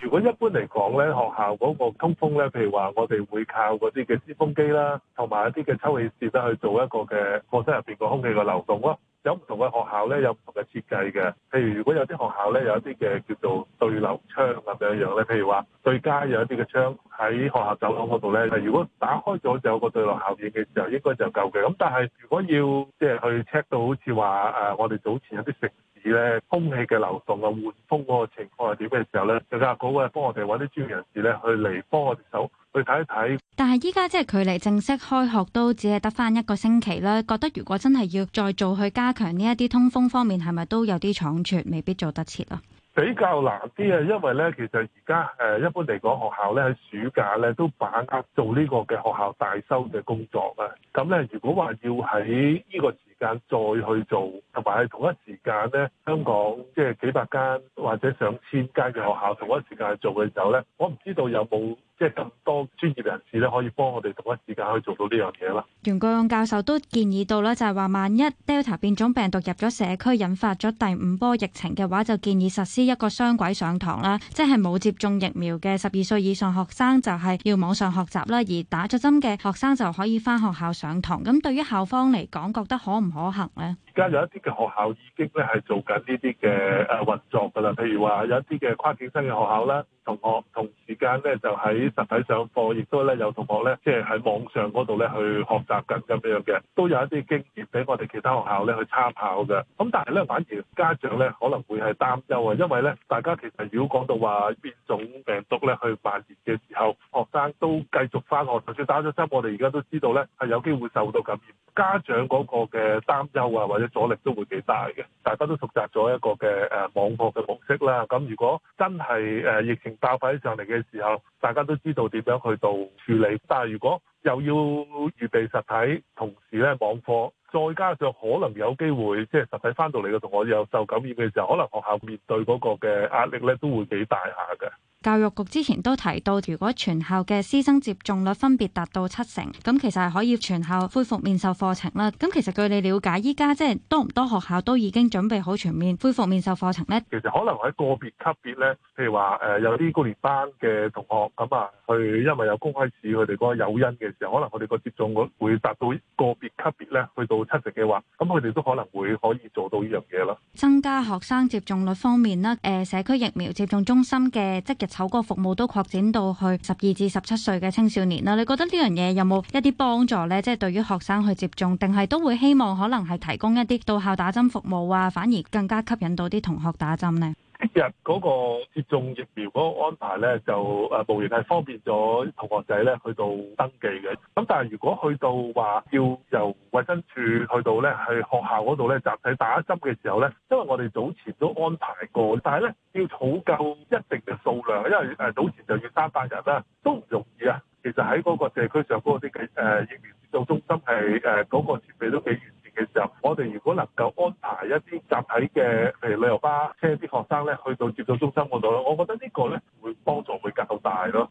如果一般嚟講咧，學校嗰個通風咧，譬如話我哋會靠嗰啲嘅抽風機啦，同埋一啲嘅抽氣扇啦，去做一個嘅課室入邊個空氣嘅流動咯。有唔同嘅學校咧，有唔同嘅設計嘅。譬如如果有啲學校咧，有一啲嘅叫做對流窗咁樣樣咧。譬如話對街有一啲嘅窗喺學校走廊嗰度咧，如果打開咗就有個對流效應嘅時候，應該就夠嘅。咁但係如果要即係去 check 到好似話誒，我哋早前有啲食肆咧，空氣嘅流動啊、換風嗰個情況係點嘅時候咧，就睇下嗰個幫我哋搵啲專業人士咧去嚟幫我哋手。去睇一睇，但係依家即距離正式開學都只係得翻一個星期啦。覺得如果真係要再做去加強呢一啲通風方面，係咪都有啲倉促，未必做得切啊？嗯、比較難啲啊，因為咧，其實而家誒，一般嚟講，學校咧喺暑假咧都把握做呢個嘅學校大修嘅工作啊。咁咧，如果話要喺呢個。間再去做，同埋喺同一時間呢，香港即係幾百間或者上千間嘅學校同一時間去做嘅時候呢，我唔知道有冇即係咁多專業人士咧可以幫我哋同一時間去做到呢樣嘢啦。袁國勇教授都建議到咧，就係話萬一 Delta 變種病毒入咗社區，引發咗第五波疫情嘅話，就建議實施一個雙軌上堂啦，即係冇接種疫苗嘅十二歲以上學生就係要網上學習啦，而打咗針嘅學生就可以翻學校上堂。咁對於校方嚟講，覺得可唔可行咧？而家有一啲嘅學校已經咧係做緊呢啲嘅誒運作㗎啦，譬如話有一啲嘅跨境生嘅學校咧，同學唔同時間咧就喺實體上課，亦都咧有同學咧即係喺網上嗰度咧去學習緊咁樣嘅，都有一啲經驗俾我哋其他學校咧去參考㗎。咁但係咧反而家長咧可能會係擔憂啊，因為咧大家其實如果講到話變種病毒咧去蔓延嘅時候，學生都繼續翻學，就算打咗針，我哋而家都知道咧係有機會受到感染，家長嗰個嘅。擔憂啊，或者阻力都會幾大嘅。大家都熟習咗一個嘅誒網課嘅模式啦。咁如果真係誒疫情爆發上嚟嘅時候，大家都知道點樣去做處理。但係如果又要預備實體，同時咧網課，再加上可能有機會即係實體翻到嚟嘅同學又受感染嘅時候，可能學校面對嗰個嘅壓力咧都會幾大下嘅。教育局之前都提到，如果全校嘅師生接種率分別達到七成，咁其實係可以全校恢復面授課程啦。咁其實據你了解，依家即係多唔多學校都已經準備好全面恢復面授課程咧？其實可能喺個別級別咧，譬如話誒有啲高年班嘅同學咁啊，佢因為有公開試，佢哋個誘因嘅時候，可能佢哋個接種率會達到個別級別咧，去到七成嘅話，咁佢哋都可能會可以做到呢樣嘢咯。增加學生接種率方面啦，誒社區疫苗接種中心嘅職員。丑個服務都擴展到去十二至十七歲嘅青少年啦，你覺得呢樣嘢有冇一啲幫助呢？即係對於學生去接種，定係都會希望可能係提供一啲到校打針服務啊，反而更加吸引到啲同學打針呢？即日嗰個接種疫苗嗰個安排咧，就誒、呃、無疑係方便咗同學仔咧去到登記嘅。咁但係如果去到話要由衛生署去到咧，去學校嗰度咧集體打針嘅時候咧，因為我哋早前都安排過，但係咧要儲夠一定嘅數量，因為誒早前就要三百人啦、啊，都唔容易啊。其實喺嗰個社區上嗰啲嘅誒疫苗接種中心係誒嗰個設備都幾完其實我哋如果能夠安排一啲集體嘅，譬如旅遊巴車啲學生咧，去到接種中心嗰度咧，我覺得個呢個咧會幫助會較大咯。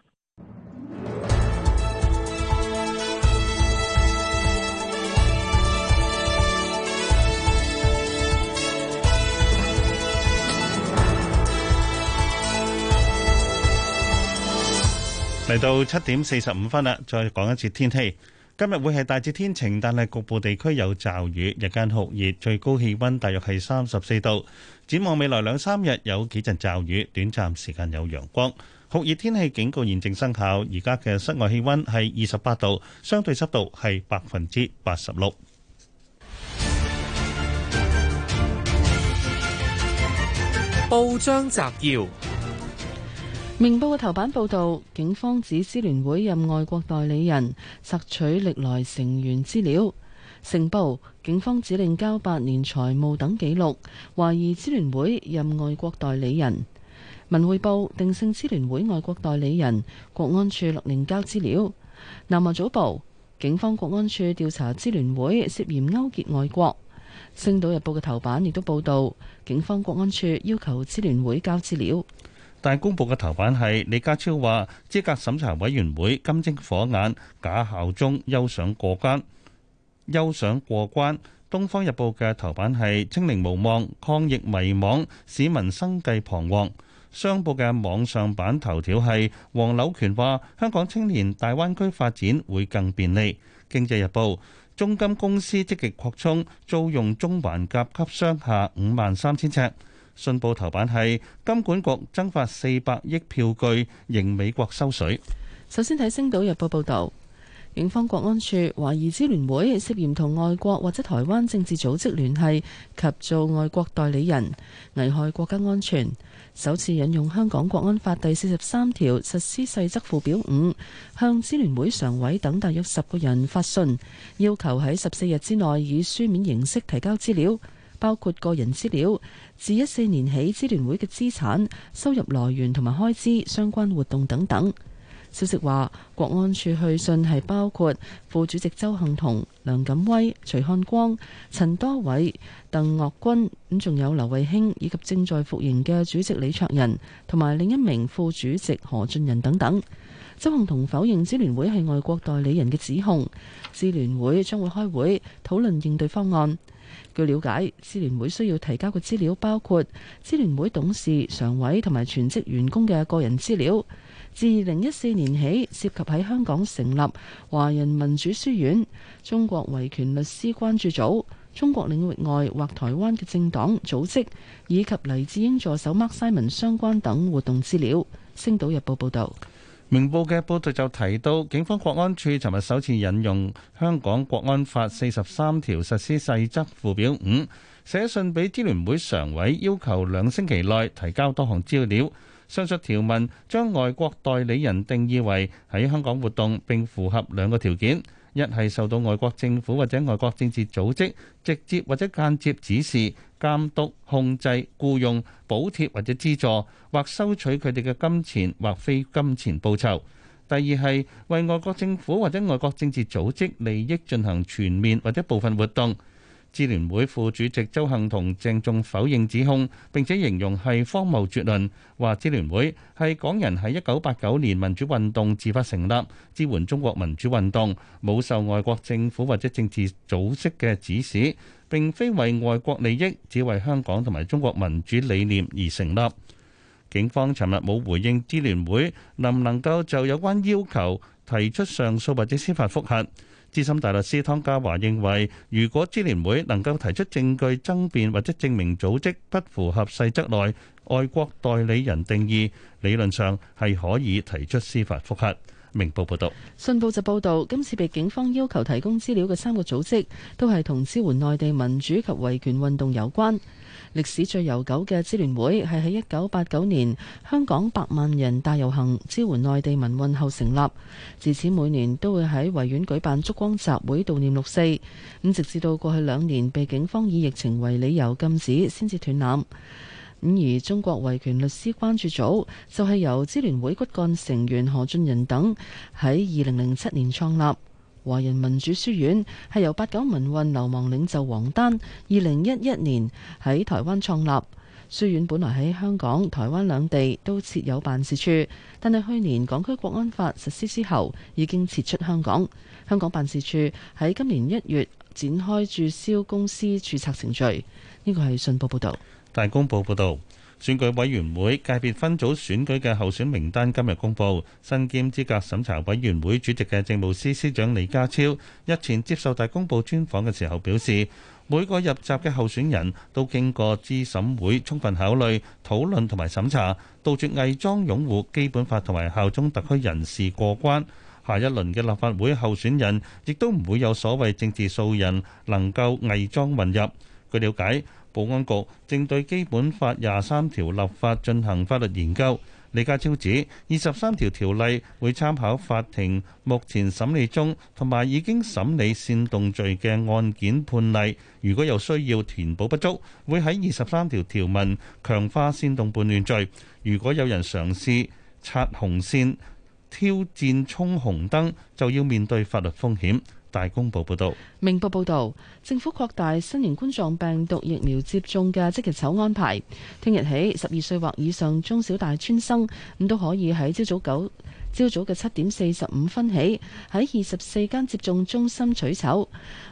嚟到七點四十五分啦，再講一次天氣。今日會係大致天晴，但係局部地區有驟雨，日間酷熱，最高氣溫大約係三十四度。展望未來兩三日有幾陣驟雨，短暫時間有陽光。酷熱天氣警告現正生效，而家嘅室外氣溫係二十八度，相對濕度係百分之八十六。報章摘要。明報嘅頭版報道，警方指支聯會任外國代理人，索取歷來成員資料。成報，警方指令交八年財務等記錄，懷疑支聯會任外國代理人。文匯報，定性支聯會外國代理人，國安處勒令交資料。南華早報，警方國安處調查支聯會涉嫌勾結外國。星島日報嘅頭版亦都報道，警方國安處要求支聯會交資料。但公佈嘅頭版係李家超話，資格審查委員會金睛火眼，假效忠休想過關。休想過關。《東方日報》嘅頭版係清零無望，抗疫迷惘，市民生計彷徨，徨。商報嘅網上版頭條係黃柳權話，香港青年大灣區發展會更便利。《經濟日報》中金公司積極擴充，租用中環甲級商廈五萬三千尺。信報頭版係金管局增發四百億票據，迎美國收水。首先睇《星島日報》報導，警方國安處懷疑支聯會涉嫌同外國或者台灣政治組織聯繫及做外國代理人，危害國家安全，首次引用香港國安法第四十三條實施細則附表五，向支聯會常委等大約十個人發信，要求喺十四日之內以書面形式提交資料，包括個人資料。自一四年起，支聯會嘅資產、收入來源同埋開支、相關活動等等。消息話，國安處去信係包括副主席鄒幸彤、梁錦威、徐漢光、陳多偉、鄧岳君，咁仲有劉慧卿以及正在服刑嘅主席李卓人同埋另一名副主席何俊仁等等。鄒幸彤否認支聯會係外國代理人嘅指控，支聯會將會開會討論應對方案。據了解，支聯會需要提交嘅資料包括支聯會董事、常委同埋全職員工嘅個人資料。自二零一四年起，涉及喺香港成立華人民主書院、中國維權律師關注組、中國領域外或台灣嘅政黨組織以及黎智英助手 Mark Simon 相關等活動資料。星島日報報道。明報嘅報道就提到，警方國安處尋日首次引用香港國安法四十三條實施細則附表五，寫信畀支聯會常委，要求兩星期內提交多項資料。上述條文將外國代理人定義為喺香港活動並符合兩個條件：一係受到外國政府或者外國政治組織直接或者間接指示。監督、控制、僱用、補貼或者資助，或收取佢哋嘅金錢或非金錢報酬。第二係為外國政府或者外國政治組織利益進行全面或者部分活動。支聯會副主席鄒幸彤鄭重否認指控，並且形容係荒謬絕倫，話支聯會係港人喺一九八九年民主運動自發成立，支援中國民主運動，冇受外國政府或者政治組織嘅指使，並非為外國利益，只為香港同埋中國民主理念而成立。警方尋日冇回應支聯會能唔能夠就有關要求提出上訴或者司法覆核。資深大律師湯家驊認為，如果支聯會能夠提出證據爭辯或者證明組織不符合細則內外國代理人定義，理論上係可以提出司法覆核。明報報道，信報就報道，今次被警方要求提供資料嘅三個組織，都係同支援內地民主及維權運動有關。歷史最悠久嘅支聯會係喺一九八九年香港百萬人大遊行支援內地民運後成立，自此每年都會喺維園舉辦燭光集會悼念六四，咁直至到過去兩年被警方以疫情為理由禁止，先至斷纜。咁而中國維權律師關注組就係由支聯會骨幹成員何俊仁等喺二零零七年創立。華人民主書院係由八九民運流亡領袖王丹二零一一年喺台灣創立，書院本來喺香港、台灣兩地都設有辦事處，但係去年港區國安法實施之後，已經撤出香港。香港辦事處喺今年一月展開註銷公司注冊程序，呢個係信報報道、大公報報道。選舉委員會界別分組選舉嘅候選名單今日公布，身兼資格審查委員會主席嘅政務司司長李家超日前接受大公報專訪嘅時候表示，每個入閘嘅候選人都經過資審會充分考慮、討論同埋審查，杜絕偽裝擁護基本法同埋效忠特區人士過關。下一輪嘅立法會候選人亦都唔會有所謂政治素人能夠偽裝混入。據瞭解。保安局正對《基本法》廿三條立法進行法律研究。李家超指，二十三條條例會參考法庭目前審理中同埋已經審理煽動罪嘅案件判例。如果有需要填補不足，會喺二十三條條文強化煽動叛亂罪。如果有人嘗試擦紅線、挑戰衝紅燈，就要面對法律風險。大公報報道，明報報道，政府擴大新型冠狀病毒疫苗接種嘅即日籌安排，聽日起，十二歲或以上中小大專生咁都可以喺朝早九。朝早嘅七點四十五分起，喺二十四間接種中心取籌。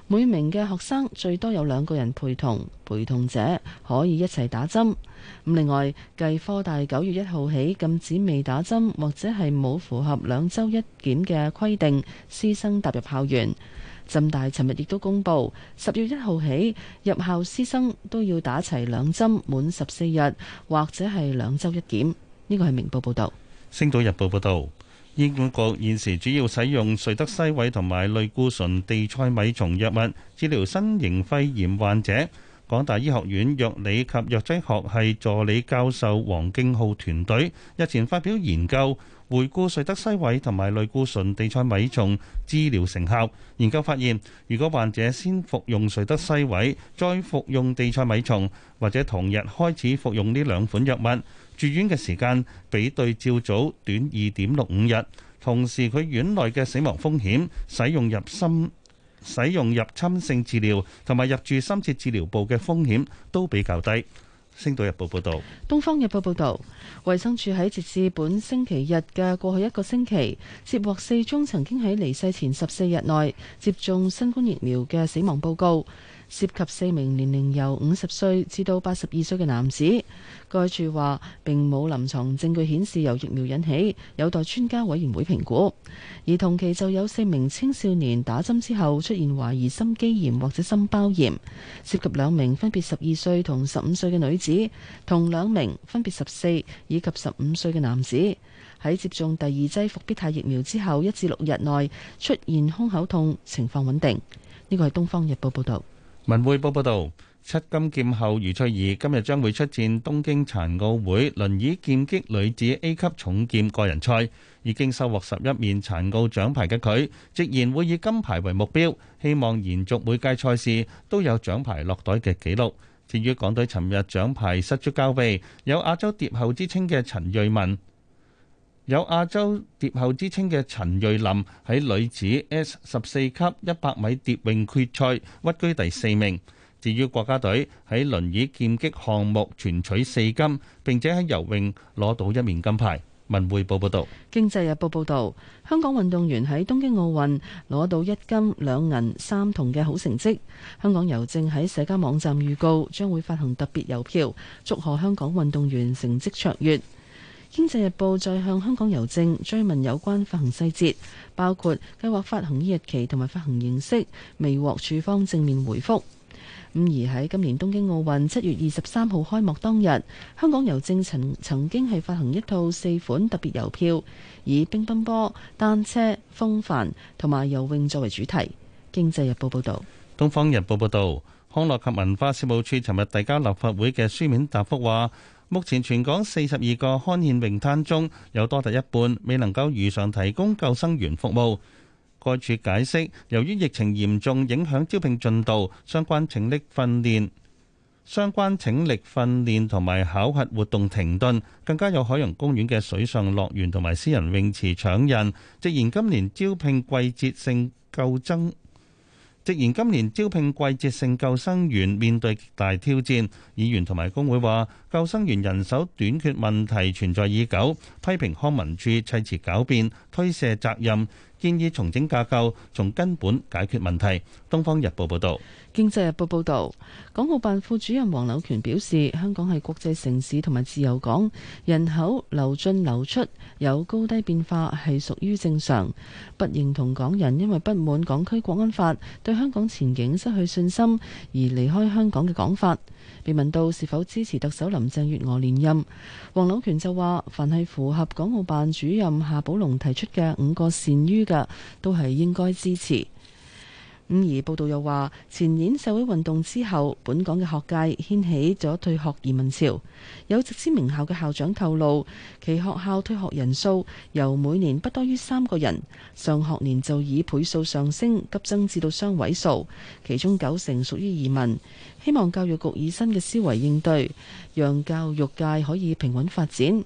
每名嘅學生最多有兩個人陪同，陪同者可以一齊打針。另外，繼科大九月一號起禁止未打針或者係冇符合兩周一檢嘅規定，師生踏入校園。浸大尋日亦都公布，十月一號起入校師生都要打齊兩針，滿十四日或者係兩周一檢。呢個係明報報道。《星島日報》報道。醫管局現時主要使用瑞德西韋同埋類固醇地塞米松藥物治療新型肺炎患者。港大醫學院藥理及藥劑學系助理教授黃敬浩團隊日前發表研究，回顧瑞德西韋同埋類固醇地塞米松治療成效。研究發現，如果患者先服用瑞德西韋，再服用地塞米松，或者同日開始服用呢兩款藥物，住院嘅時間比對照組短二點六五日，同時佢院內嘅死亡風險、使用入侵、使用入侵性治療同埋入住深切治療部嘅風險都比較低。星島日報報導，東方日報報導，衛生署喺截至本星期日嘅過去一個星期，接獲四宗曾經喺離世前十四日內接種新冠疫苗嘅死亡報告，涉及四名年齡由五十歲至到八十二歲嘅男子。該處話並冇臨床證據顯示由疫苗引起，有待專家委員會評估。而同期就有四名青少年打針之後出現懷疑心肌炎或者心包炎，涉及兩名分別十二歲同十五歲嘅女子，同兩名分別十四以及十五歲嘅男子，喺接種第二劑復必泰疫苗之後一至六日內出現胸口痛，情況穩定。呢個係《東方日報》報道，《文匯報》報導。七金劍后余翠怡今日將會出戰東京殘奧會輪椅劍擊女子 A 級重劍個人賽，已經收穫十一面殘奧獎牌嘅佢，直言會以金牌為目標，希望延續每屆賽事都有獎牌落袋嘅紀錄。至於港隊尋日獎牌失足交臂，有亞洲蝶后之稱嘅陳瑞文，有亞洲蝶后之稱嘅陳瑞林喺女子 S 十四級一百米蝶泳決賽屈居第四名。至於國家隊喺輪椅劍擊項目全取四金，並且喺游泳攞到一面金牌。文匯報報道，《經濟日報》報道，香港運動員喺東京奧運攞到一金兩銀三銅嘅好成績。香港郵政喺社交網站預告將會發行特別郵票，祝賀香港運動員成績卓越。《經濟日報》再向香港郵政追問有關發行細節，包括計劃發行日期同埋發行形式，未獲處方正面回覆咁而喺今年東京奧運七月二十三號開幕當日，香港郵政曾曾經係發行一套四款特別郵票，以乒乓波、單車、風帆同埋游泳作為主題。經濟日報報導，東方日報報導，康樂及文化事務署尋日遞交立法會嘅書面答覆，話目前全港四十二個康健泳灘中，有多達一半未能夠如常提供救生員服務。該處解釋，由於疫情嚴重影響招聘進度，相關請力訓練、相關請力訓練同埋考核活動停頓，更加有海洋公園嘅水上樂園同埋私人泳池搶人。直言今年招聘季節性救生，直言今年招聘季節性救生員面對極大挑戰。議員同埋工會話，救生員人手短缺問題存在已久，批評康文署砌詞狡辯，推卸責任。建議重整架構，從根本解決問題。《東方日報》報導，《經濟日報》報導，港澳辦副主任黃柳權表示，香港係國際城市同埋自由港，人口流進流出有高低變化係屬於正常，不認同港人因為不滿港區國安法對香港前景失去信心而離開香港嘅講法。被問到是否支持特首林鄭月娥連任，黃柳權就話：凡係符合港澳辦主任夏寶龍提出嘅五個善於嘅，都係應該支持。咁而報道又話，前年社會運動之後，本港嘅學界掀起咗退學移民潮。有直資名校嘅校長透露，其學校退學人數由每年不多於三個人，上學年就以倍數上升，急增至到雙位數，其中九成屬於移民。希望教育局以新嘅思維應對，讓教育界可以平穩發展。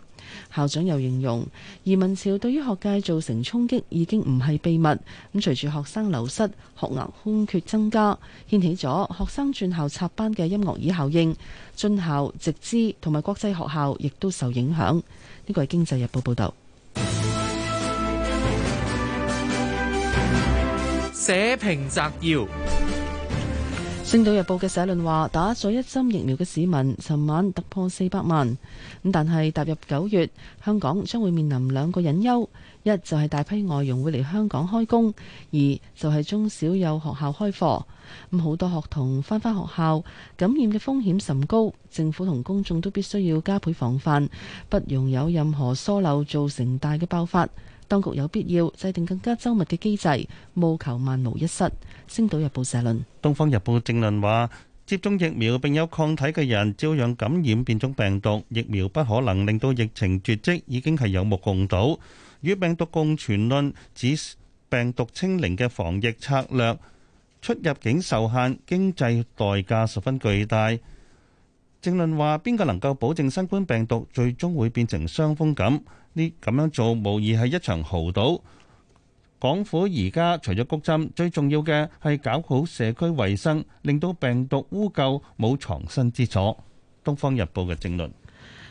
校長又形容，移民潮對於學界造成衝擊已經唔係秘密。咁隨住學生流失，學額空缺增加，掀起咗學生轉校插班嘅音樂椅效應。津校、直資同埋國際學校亦都受影響。呢個係《經濟日報》報道。社評摘要。《星島日報》嘅社論話，打咗一針疫苗嘅市民，尋晚突破四百萬。咁但係踏入九月，香港將會面臨兩個隱憂，一就係、是、大批外傭會嚟香港開工，二就係、是、中小有學校開課，咁好多學童返返學校，感染嘅風險甚高。政府同公眾都必須要加倍防範，不容有任何疏漏造成大嘅爆發。當局有必要制定更加周密嘅機制，務求萬無一失。《星島日報》社論：《東方日報》正論話，接種疫苗並有抗體嘅人照樣感染變種病毒，疫苗不可能令到疫情絕迹，已經係有目共睹。與病毒共存論指病毒清零嘅防疫策略，出入境受限，經濟代價十分巨大。正論話，邊個能夠保證新冠病毒最終會變成傷風感？呢咁樣做，無疑係一場豪賭。港府而家除咗谷針，最重要嘅係搞好社區衞生，令到病毒污垢冇藏身之所。《東方日報》嘅正論。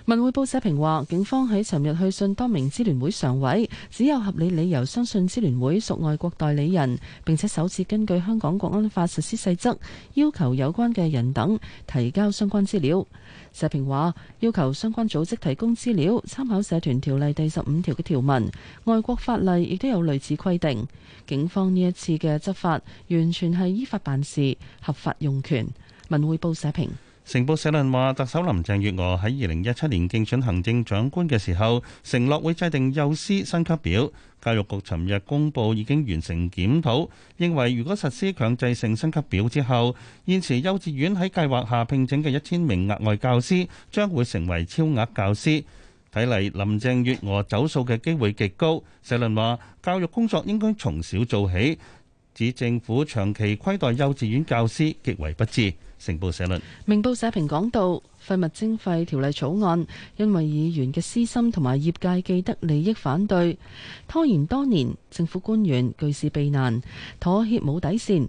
文匯報社評話，警方喺尋日去信多名支聯會常委，只有合理理由相信支聯會屬外國代理人，並且首次根據香港國安法實施細則，要求有關嘅人等提交相關資料。社評話，要求相關組織提供資料，參考社團條例第十五條嘅條文，外國法例亦都有類似規定。警方呢一次嘅執法，完全係依法辦事，合法用權。文匯報社評。成報社論話，特首林鄭月娥喺二零一七年競選行政長官嘅時候承諾會制定幼師薪級表，教育局尋日公布已經完成檢討，認為如果實施強制性薪級表之後，現時幼稚園喺計劃下聘請嘅一千名額外教師將會成為超額教師。睇嚟林鄭月娥走數嘅機會極高。社論話，教育工作應該從小做起，指政府長期虧待幼稚園教師極為不智。成報社論，明報社評講到廢物徵費條例草案，因為議員嘅私心同埋業界既得利益反對，拖延多年，政府官員據事避難，妥協冇底線。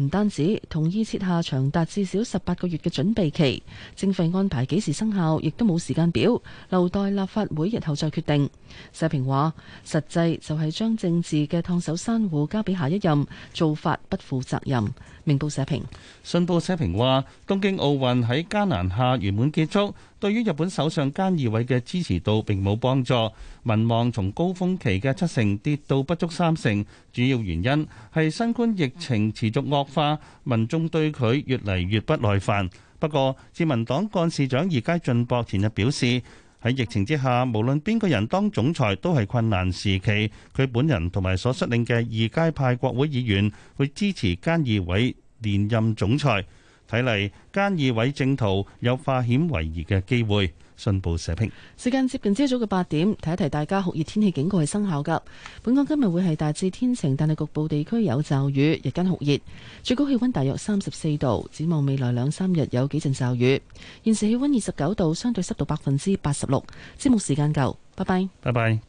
唔單止同意設下長達至少十八個月嘅準備期，徵費安排幾時生效，亦都冇時間表，留待立法會日後再決定。社評話，實際就係將政治嘅燙手山芋交俾下一任，做法不負責任。明報社評，信報社評話：東京奧運喺艱難下完滿結束，對於日本首相菅義偉嘅支持度並冇幫助。民望從高峰期嘅七成跌到不足三成，主要原因係新冠疫情持續惡化，民眾對佢越嚟越不耐煩。不過，自民黨幹事長二階俊博前日表示。喺疫情之下，無論邊個人當總裁都係困難時期，佢本人同埋所率領嘅二階派國會議員會支持菅義偉連任總裁。睇嚟，菅義偉政途有化險為夷嘅機會。信報社評時間接近朝早嘅八點，提一提大家酷熱天氣警告係生效噶。本港今日會係大致天晴，但係局部地區有驟雨，日間酷熱，最高氣温大約三十四度。展望未來兩三日有幾陣驟雨。現時氣温二十九度，相對濕度百分之八十六。節目時間夠，拜拜。拜拜。